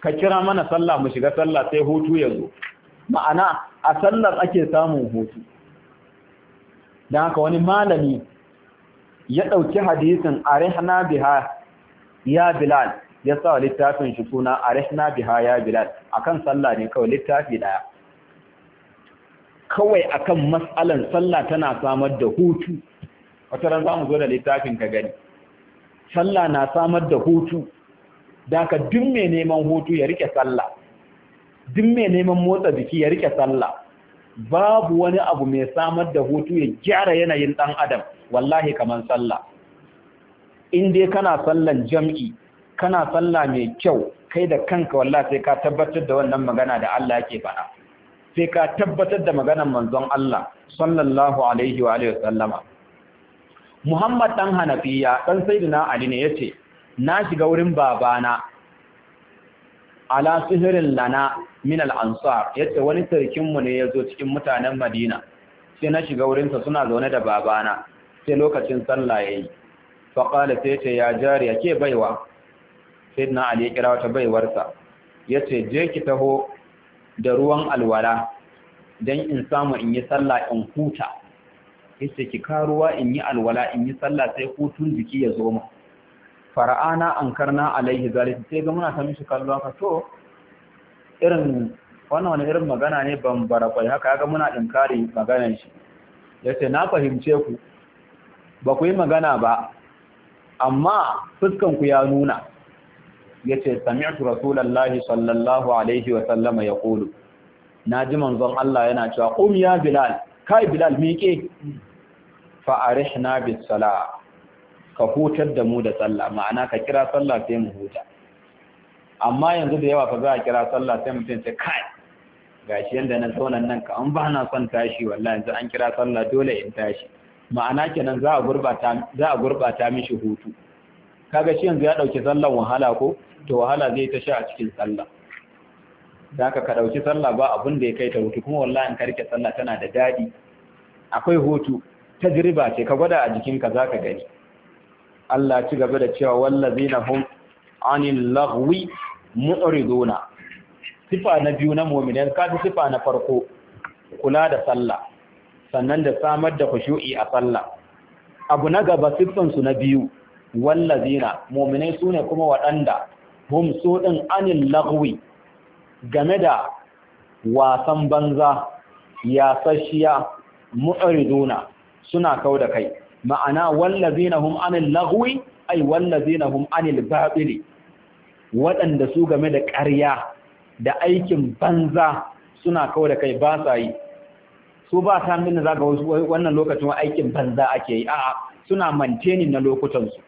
ka kira mana sallah mu shiga sallah sai hutu ya zo ma'ana a sallar ake samun hutu don haka wani malami ya ɗauki hadisin arihna biha ya bilal ya sa littafin shi suna arihna biha ya bilal akan sallah ne kawai littafi ɗaya. kawai akan matsalan sallah tana samar da hutu wata ran za mu zo da littafin ka gani sallah na samar da hutu da ka duk mai neman hutu ya rike sallah duk mai neman motsa jiki ya rike sallah babu wani abu mai samar da hutu ya gyara yanayin dan adam wallahi kaman sallah in dai kana sallan jam'i kana sallah mai kyau kai da kanka wallahi sai ka tabbatar da wannan magana da Allah yake faɗa sai ka tabbatar da maganar manzon Allah sallallahu alaihi wa alihi wasallama Muhammad dan Hanafiya dan Sayyidina Ali ne yace na shiga wurin babana ala sihirin lana min al-ansar yace wani sarkin mu ne yazo cikin mutanen Madina sai na shiga wurin sa suna zaune da babana sai lokacin sallah yayi fa qala sai yace ya jariya ke baiwa Sayyidina Ali ya kira wata baiwarsa yace je ki taho da ruwan alwala dan in samu in yi sallah in huta yace ki karuwa in yi alwala in yi sallah sai hutun jiki ya zo ma fara'ana ankarna alaihi zalika sai ga muna ta mishi kallo haka to irin wannan wani irin magana ne ban barakwai haka ya ga muna kare maganar shi yace na fahimce ku ba ku yi magana ba amma fuskan ku ya nuna yace ce sami'atu sallallahu alaihi wa sallama ya ƙulu na ji manzon Allah yana cewa qum ya bilal kai bilal miƙe fa'arihna bis sala ka hutar da mu da sallah ma'ana ka kira sallah sai mu huta amma yanzu da yawa fa za a kira sallah sai mutum sai kai gashi yanda na zauna nan ka an ba na son tashi wallahi yanzu an kira sallah dole in tashi ma'ana kenan za a gurbata za mishi hutu kaga shi yanzu ya dauki sallar wahala ko to wahala zai ta sha a cikin sallah da ka ɗauki sallah ba abin da ya kai ta hutu kuma wallahi in ka rike sallah tana da daɗi akwai hutu tajriba ce ka gwada a jikinka za ka gani Allah ci gaba da cewa wallazina hum anil lagwi mu'riduna sifa na biyu na mu'mini ka ji sifa na farko kula da sallah sannan da samar da khushu'i a sallah abu na gaba sifan su na biyu wallazina mu'minai sune kuma waɗanda hum su din anil lagwi game da wasan banza yasashiya mu'riduna suna kauda da kai ma'ana wallazina hum anil lagwi ay wallazina hum anil batili waɗanda su game da ƙarya da aikin banza suna kau da kai ba sa yi su ba san din za wannan lokacin aikin banza ake yi a'a suna mantenin na lokutan su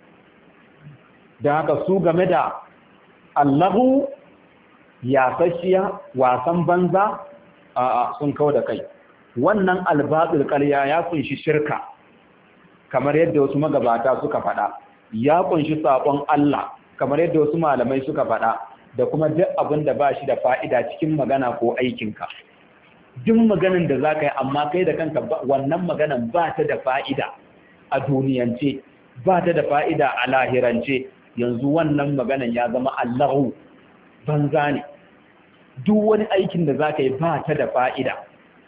da haka su game da allahu fashiya, wasan banza a sun kawo da kai wannan albatul ƙarya ya kunshi shirka kamar yadda wasu magabata suka faɗa ya kunshi saƙon Allah kamar yadda wasu malamai suka faɗa da kuma duk abin da ba shi da fa'ida cikin magana ko aikinka duk maganin da za ka yi amma kai da kanka wannan maganan ba ta da fa'ida a duniyance ba ta da fa'ida a lahirance yanzu wannan maganan ya zama Allahu banza ne duk wani aikin da zaka yi ba ta da fa'ida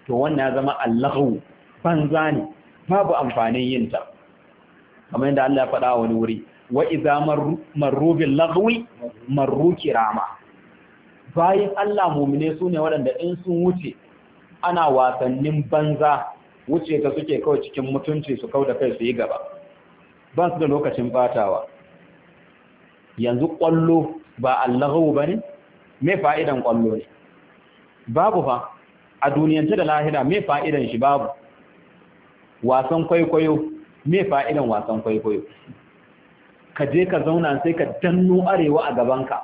to wannan zama allahu banza ne babu amfanin yinta. ta kamar yadda Allah ya faɗa wani wuri wa idza marru bil lagwi marru kirama bayan Allah mumine su ne waɗanda in sun wuce ana wasannin banza wuce ta suke kawai cikin mutunci su kau da kai su yi gaba ba su da lokacin fatawa, yanzu ƙwallo ba allahu bane ne fa'idan kwallo ne babu fa a duniyance da lahira me fa'idan shi babu wasan kwaikwayo me fa'idan wasan kwaikwayo ka je ka zauna sai ka danno arewa a gabanka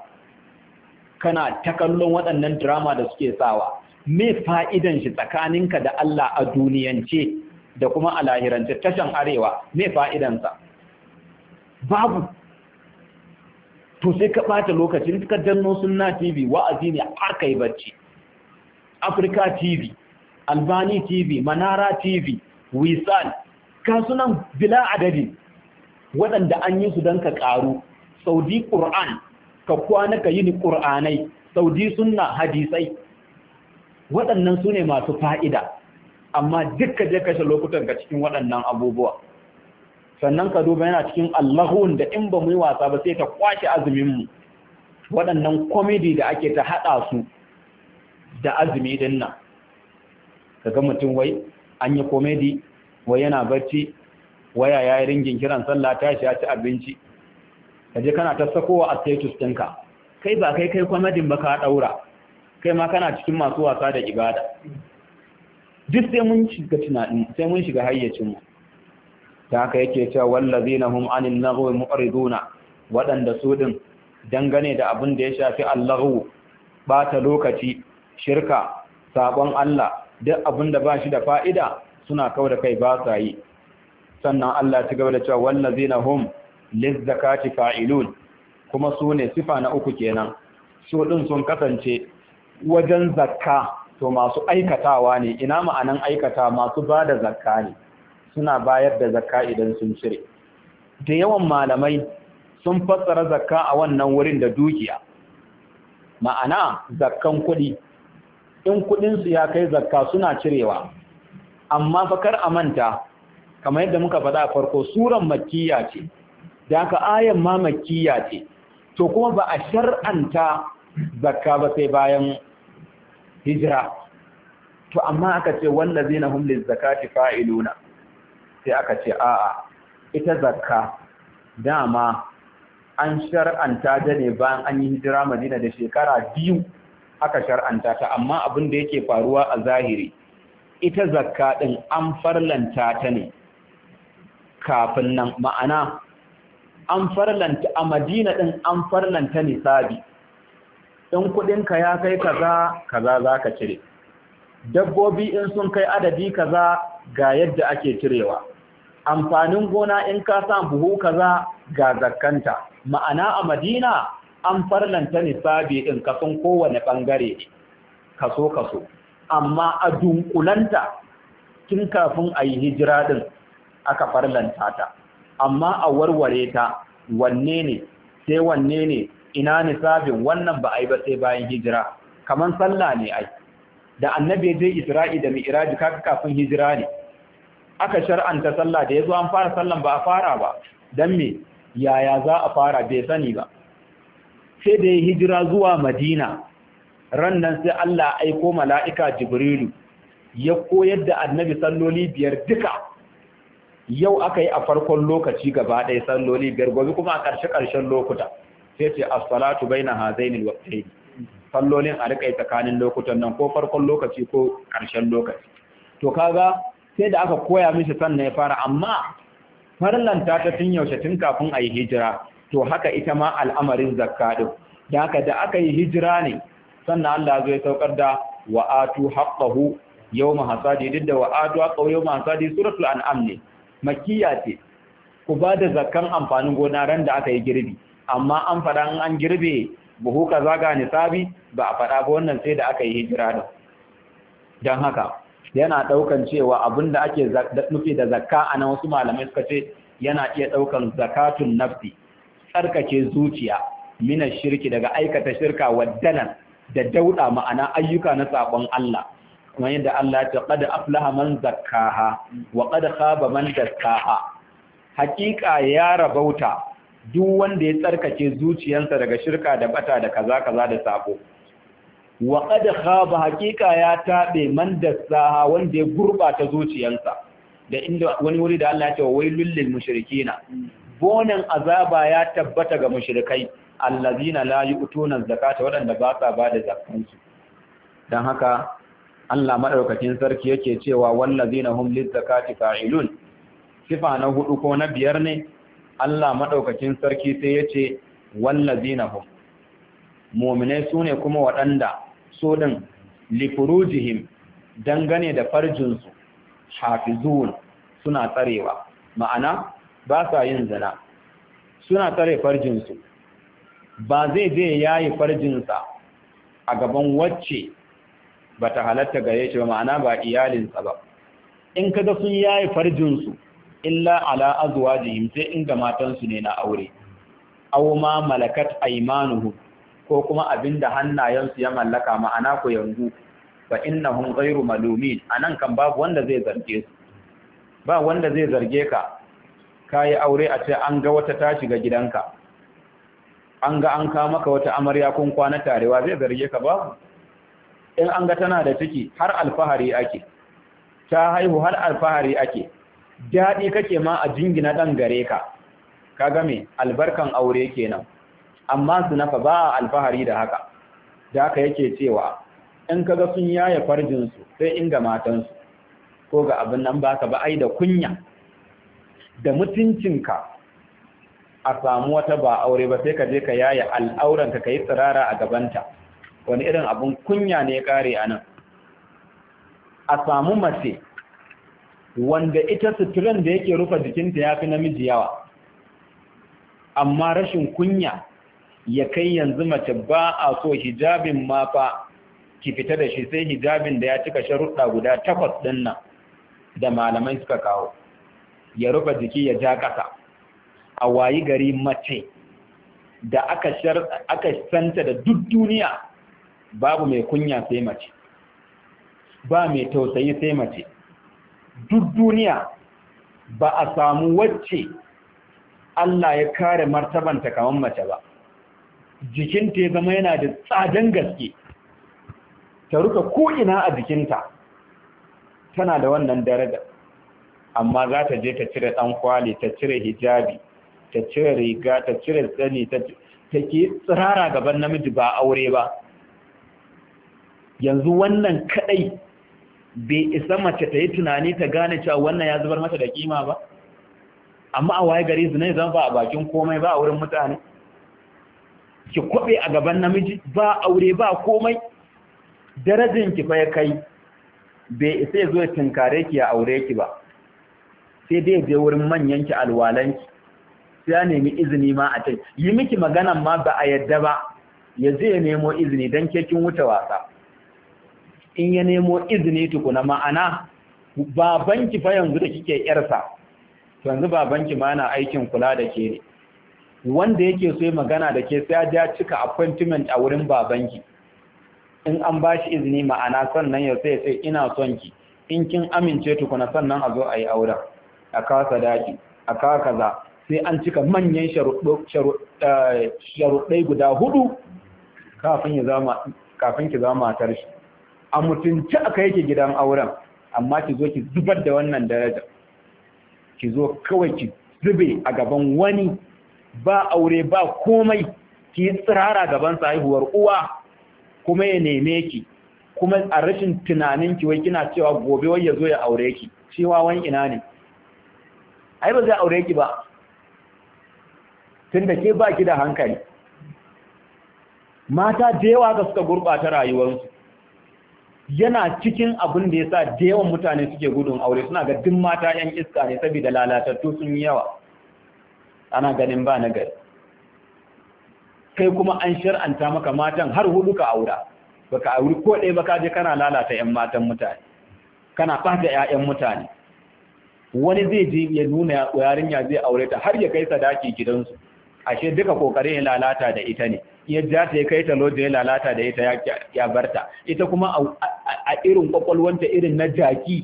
kana ta kallon waɗannan drama da suke sawa me fa'idan shi tsakaninka da Allah a duniyance da kuma a lahirance tashan arewa me fa'idansa babu to sai ka ɓata lokacin ka danno sunna tv wa'azi ne har yi bacci africa tv albani tv manara tv wisan kasunan bila adadi waɗanda an yi su dan ka ƙaru saudi ƙur'an ka kwana ka yi ni ƙur'anai saudi sunna hadisai waɗannan su ne masu fa'ida amma duk ka je kashe lokutan ka cikin waɗannan abubuwa sannan ka duba yana cikin allahun da in ba mu yi wasa ba sai ta kwashe azumin mu. waɗannan komedi da ake ta haɗa su da azumi din nan kaga mutum wai an yi komedi wai yana barci waya ya yi ringin kiran sallah tashi ya ci abinci kaje kana ta sakowa a status ɗinka kai ba kai kai komedin ba ka ɗaura kai ma kana cikin masu wasa da ibada duk sai mun shiga tunanin sai mun shiga hayyacinmu ta haka yake cewa wallazina hum anil lagwi mu'riduna waɗanda su din dangane da abin da ya shafi allahu bata lokaci shirka sabon Allah duk abin da ba shi da fa'ida suna kawo da kai ba sa yi sannan Allah ci gaba da cewa wallazina hum lizzakati fa'ilun kuma su ne sifa na uku kenan su din sun kasance wajen zakka to masu aikatawa ne ina ma'anan aikata masu ba da zakka ne suna bayar da zakka idan sun cire da yawan malamai sun fassara zakka a wannan wurin da dukiya ma'ana zakkan kuɗi in kuɗinsu ya kai zakka suna cirewa amma fakar a manta kamar yadda muka faɗa a farko suran makiya ce da aka ayan ma makkiya ce to kuma ba a shar'anta zakka ba sai bayan hijira to amma aka ce wallazina hum lizakati fa'iluna sai aka ce a'a ita zakka dama an shar'anta ta ne bayan an yi hijira madina da shekara biyu aka shar'anta ta amma abin da yake faruwa a zahiri ita zakka din an farlanta ta ne kafin nan ma'ana an farlanta a madina ɗin an farlanta nisabi in kuɗinka ya kai kaza kaza za ka cire dabbobi in sun kai adadi kaza ga yadda ake cirewa amfanin gona in ka sa buhu kaza ga zakkanta ma'ana a madina an farlanta nisabi din kasan kowane bangare kaso kaso amma a dunkulanta tun kafin ayi hijira din aka farlanta ta amma a warware ta wanne ne sai wanne ne ina nisabin wannan ba a yi ba sai bayan hijira kaman sallah ne ai da annabi je isra'i da mi'raj kaka kafin hijira ne aka shar'anta sallah da yazo an fara sallan ba a fara ba dan me yaya za a fara bai sani ba sai da ya hijira zuwa Madina ran nan sai Allah aiko mala'ika Jibrilu ya koyar da annabi salloli biyar duka yau aka a farkon lokaci gaba ɗaya salloli biyar gobe kuma a ƙarshe ƙarshen lokuta sai ce as-salatu baina hazainil waqtayn sallolin a rikai tsakanin lokutan nan ko farkon lokaci ko ƙarshen lokaci to kaga sai da aka koya mishi sannan ya fara amma farlanta ta tun yaushe tun kafin a yi hijira to haka ita ma al'amarin zakka din da haka da aka yi hijira ne sannan Allah zai saukar da wa'atu haqqahu yawma hasadi duk da wa'atu haqqahu yawma hasadi suratul an'am ne makiya ce ku ba da zakkan amfanin gona ran da aka yi girbi amma an faɗa in an girbe buhu kaza ga nisabi ba a faɗa ba wannan sai da aka yi hijira din dan haka yana ɗaukan cewa abin da ake nufi da zakka a nan wasu malamai suka ce yana iya ɗaukan zakatun nafsi tsarkake zuciya mina shirki daga aikata shirka waddanan da dauɗa ma'ana ayyuka na sabon Allah kuma yadda Allah ya ce qad aflaha man zakkaha wa qad khaba man dassaha hakika ya rabauta duk wanda ya tsarkake zuciyarsa daga shirka da bata da kaza kaza da saƙo. wa qad khaba haqiqa ya tabe man dassaha wanda ya gurbata zuciyarsa da inda wani wuri da Allah ya ce wailul lil mushrikina bonan azaba ya tabbata ga mushrikai allazina la yu'tuna zakata wadanda ba sa ba da zakansu dan haka Allah madaukakin sarki yake cewa wallazina hum lil zakati fa'ilun sifa na hudu ko na biyar ne Allah madaukakin sarki sai yace wallazina hum mu'minai sune kuma waɗanda su din lifurujihim dangane da farjinsu hafizun suna tsarewa ma'ana ba sa yin zina suna tsare farjinsu ba zai zai yayi farjinsa a gaban wacce ba ta halatta gare shi ba ma'ana ba iyalinsa ba in kaga sun yayi farjinsu illa ala azwajihim sai in ga matansu ne na aure aw ma malakat aymanuhum ko kuma abin da hannayensu ya mallaka ma'ana ko yanzu fa innahum ghairu malumin anan kan babu wanda zai zarge su ba wanda zai zarge ka yi aure a ce an ga wata ta shiga gidanka an ga an ka maka wata amarya kun kwana tarewa zai zarge ka ba in an ga tana da ciki har alfahari ake ta haihu har alfahari ake daɗi kake ma a jingina ɗan gare ka kaga me albarkan aure kenan amma su fa ba alfahari da haka da haka yake cewa in kaga sun yaya farjinsu sai inga matansu ko ga abin nan baka ba ai da kunya da mutuncinka a samu wata ba aure ba sai ka je ka yaya al'auranka ka yi tsirara a gabanta wani irin abin kunya ne ya kare a nan a samu mace wanda ita suturan da yake rufa jikinta ya fi namiji yawa amma rashin kunya ya kai yanzu mace ba a so hijabin ma fa ki fita da shi sai hijabin da ya cika sharuɗa guda takwas ɗin nan da malamai suka kawo ya rufe jiki ya ja ƙasa a wayi gari mace da aka santa da duk duniya babu mai kunya sai mace ba mai tausayi sai mace duk duniya ba a samu wacce Allah ya kare martabanta kamar mace ba jikinta ya zama yana da tsadan gaske ta rufe ko'ina a jikinta tana da wannan daraja amma za ta je ta cire ɗan kwali ta cire hijabi ta cire riga ta cire tsani ta ke tsirara gaban namiji ba aure ba yanzu wannan kadai bai isa mace ta yi tunani ta gane cewa wannan ya zubar mata da kima ba amma a waye gari zunai zan ba a bakin komai ba a wurin mutane ki kwaɓe a gaban namiji ba aure ba komai darajin ki fa ya kai bai isa ya zo ya tinkare ki ya aure ki ba sai dai je wurin manyan ki alwalan ki sai ya nemi izini ma a kai. yi miki magana ma ba a yadda ba ya je ya nemo izini dan ke kin wuce wasa in ya nemo izini tukuna ma'ana babanki fa yanzu da kike yarsa yanzu babanki ma na aikin kula da ke ne wanda yake so magana da ke sai ya cika appointment a wurin babanki in an ba shi izini ma'ana sannan ya sai sai ina son ki in kin amince tukuna sannan a zo a yi auren a kawo sadaki a kawo kaza sai an cika manyan sharuɗai eh, guda hudu kafin ki zama matar shi a mutunci aka yake gidan auren amma ki zo ki zubar da wannan daraja ki zo kawai ki zube a gaban wani ba aure ba komai ki tsirara gaban haihuwar uwa kuma ya neme ki kuma a rashin tunanin ki wai kina cewa gobe wai ya zo ya aure ki Cewa wani ina ne ai ba zai aure ki ba tunda ke ba ki da hankali mata da yawa ga suka gurɓata rayuwarsu yana cikin abin da ya sa da yawan mutane suke gudun aure suna ga duk mata 'yan iska ne saboda lalatattu sun yi yawa ana ganin ba na gari kai kuma an shar'anta maka matan har hudu ka aura baka auri ko ɗaya baka je kana lalata ƴan matan mutane kana ɓata ƴaƴan mutane wani zai je ya nuna yarinya zai aure ta har ya kai sadaki gidansu ashe duka kokarin ya lalata da ita ne ya ja ta ya kai ta lodin ya lalata da ita ya barta ita kuma a irin kwakwalwanta irin na jaki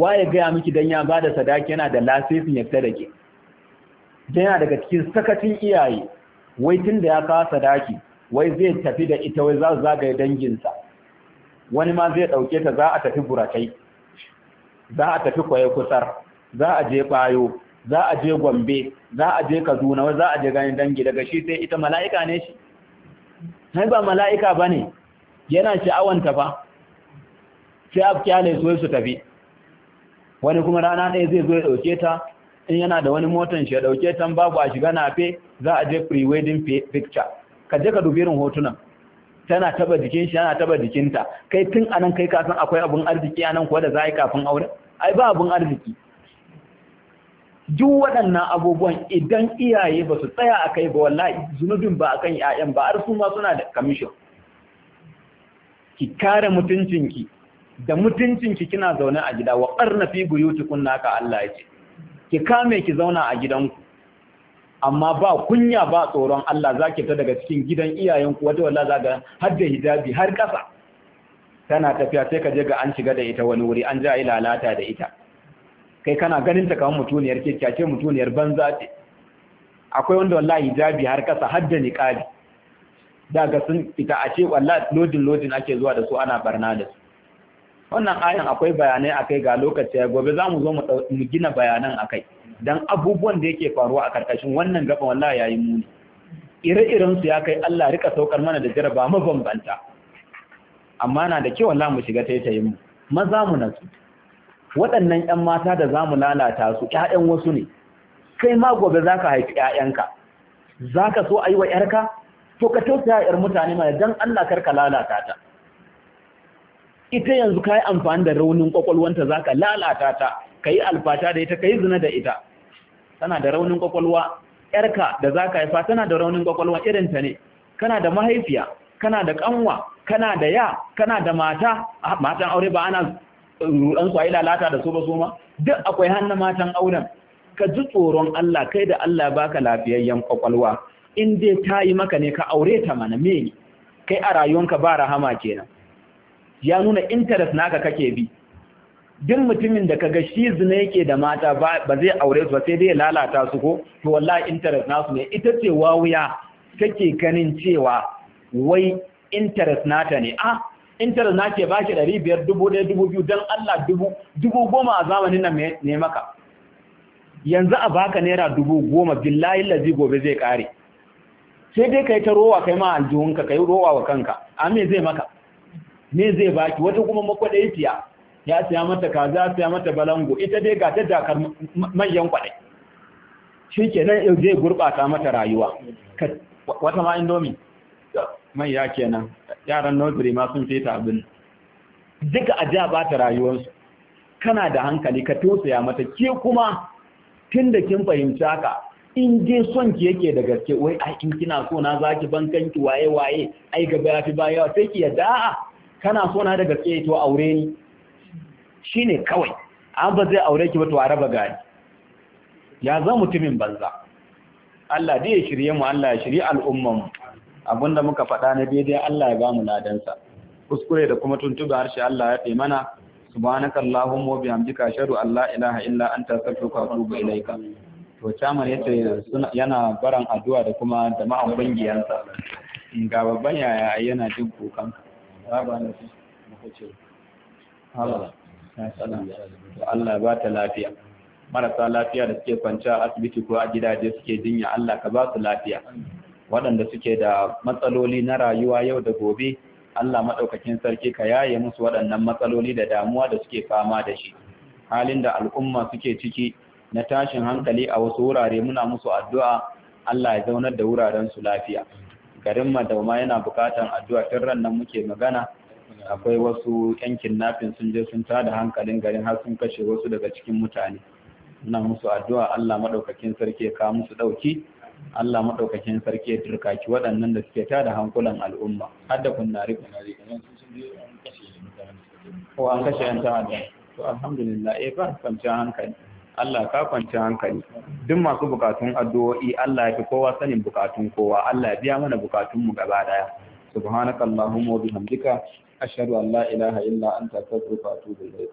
waye gaya miki dan ya bada sadaki yana da lasisin ya fita da ke yana daga cikin sakacin iyaye wai tun da ya kawo sadaki wai zai tafi da ita wai za su zagaye danginsa wani ma zai ɗauke ta za a tafi burakai za a tafi kwaye kusar za a je ɓayo za a je gombe za a je kaduna wai za a je ganin dangi daga shi sai ita mala'ika ne shi sai ba mala'ika ba ne yana sha'awanta ba sai a kyale su su tafi wani kuma rana ɗaya zai zo ya ɗauke ta in yana da wani motan shi ya dauke tan babu a shiga nafe za a je pre-wedding picture ka je ka dubi irin hotunan tana taba jikin shi yana taba jikinta kai tun anan kai ka san akwai abun arziki anan kuwa da za a yi kafin aure ai ba abun arziki duk waɗannan abubuwan idan iyaye ba su tsaya a kai ba wallahi zunubin ba akan ƴaƴan ba har su ma suna da commission ki kare mutuncinki da mutuncinki kina zaune a gida wa ƙarna fi kunna ka Allah ya ce ki kame ki zauna a gidanku amma ba kunya ba tsoron Allah za ki ta daga cikin gidan iyayenku wata walla za ga har da hijabi har ƙasa tana tafiya sai ka je ga an shiga da ita wani wuri an ja lalata da ita kai kana ganin ta kamar mutuniyar ke kyace mutuniyar banza ce akwai wanda wallahi hijabi har ƙasa har da niqabi daga sun fita a ce wallahi lodin lodin ake zuwa da su ana barna da su wannan ayan akwai bayanai akai ga lokaci gobe za mu zo mu gina bayanan akai don abubuwan da yake faruwa a karkashin wannan gaba ya yi muni ire-iren su ya kai Allah rika saukar mana da mu bambanta amma na da kyau wallahi mu shiga taitayin mu maza mu nasu waɗannan ƴan mata da za mu lalata su ƴaƴan wasu ne kai ma gobe za ka haifi ƴaƴanka ka so a yi wa ƴarka to ka tausaya ƴar mutane ma dan Allah kar ka lalata ta ita yanzu ka yi amfani da raunin kwakwalwanta za ka lalata ta ka yi alfata da ita ka yi zina da ita tana da raunin kwakwalwa yarka da za ka haifa tana da raunin kwakwalwa irinta ne kana da mahaifiya kana da kanwa kana da ya kana da mata matan aure ba ana rudansu a yi lalata da su ba su ma duk akwai hannun matan auren ka ji tsoron Allah kai da Allah baka lafiyayyen kwakwalwa in dai ta yi maka ne ka aure ta mana me kai a rayuwanka ba rahama kenan ya nuna interest naka kake bi duk mutumin da kaga shi zina yake da mata ba zai aure su ba sai dai lalata su ko to wallahi interest nasu ne ita ce wawuya take ganin cewa wai interest nata ne ah interest nake baki dubu 2000 dan Allah dubu dubu goma a zamanin nan ne maka yanzu a baka naira dubu goma billahi lazi gobe zai kare sai dai kai ta rowa kai ma aljihunka kai rowa wa kanka a me zai maka me zai baki wata kuma makwaɗaiciya ya siya mata kaza ya siya mata balango ita dai ga ta jakar manyan kwaɗai shi kenan zai gurɓata mata rayuwa wata ma indomi mai ya kenan yaran nursery ma sun feta abin duka a ja ta rayuwarsu kana da hankali ka tausaya mata ke kuma tun da kin fahimci haka in dai son ki yake da gaske wai ai in kina so na zaki bankanki waye waye ai gaba fi baya sai ki yadda a'a kana so na da gaske to aure ni shine kawai an ba zai aure ki ba to a raba gari ya za mutumin banza Allah dai ya shirye mu Allah ya shirye al'ummar mu abinda muka faɗa na dai Allah ya ba mu ladansa kuskure da kuma tuntuba harshe Allah ya fi mana subhanaka allahumma wa bihamdika ashhadu an la ilaha illa anta astaghfiruka wa atubu ilaika to chamar yace yana baran addu'a da kuma jama'an bangiyansa ga babban yaya yana jin ka. Allah ba ta lafiya marasa lafiya da suke kwanci a asibiti ko a gidaje suke jinya Allah ka ba su lafiya waɗanda suke da matsaloli na rayuwa yau da gobe Allah maɗaukakin sarki ka yaye musu waɗannan matsaloli da damuwa da suke fama da shi halin da al'umma suke ciki na tashin hankali a wasu wurare muna musu addu'a Allah ya zaunar da wuraren su lafiya garin madauma yana bukatan addu'a tun ran nan muke magana akwai wasu yankin nafin sun je sun tada hankalin garin har sun kashe wasu daga cikin mutane muna musu addu'a Allah madaukakin sarki ya kawo musu dauki Allah madaukakin sarki ya turkaki waɗannan da suke tada hankulan al'umma har da kashe mutane ko an kashe yan ta'adda to alhamdulillah eh ba kwanciyar hankali Allah ka kwanci hankali duk masu bukatun addu'o'i Allah ya fi kowa sanin bukatun kowa Allah ya biya mana bukatun mu gaba daya subhanakallahumma wa bihamdika ashhadu an la ilaha illa anta astaghfiruka wa atubu ilayk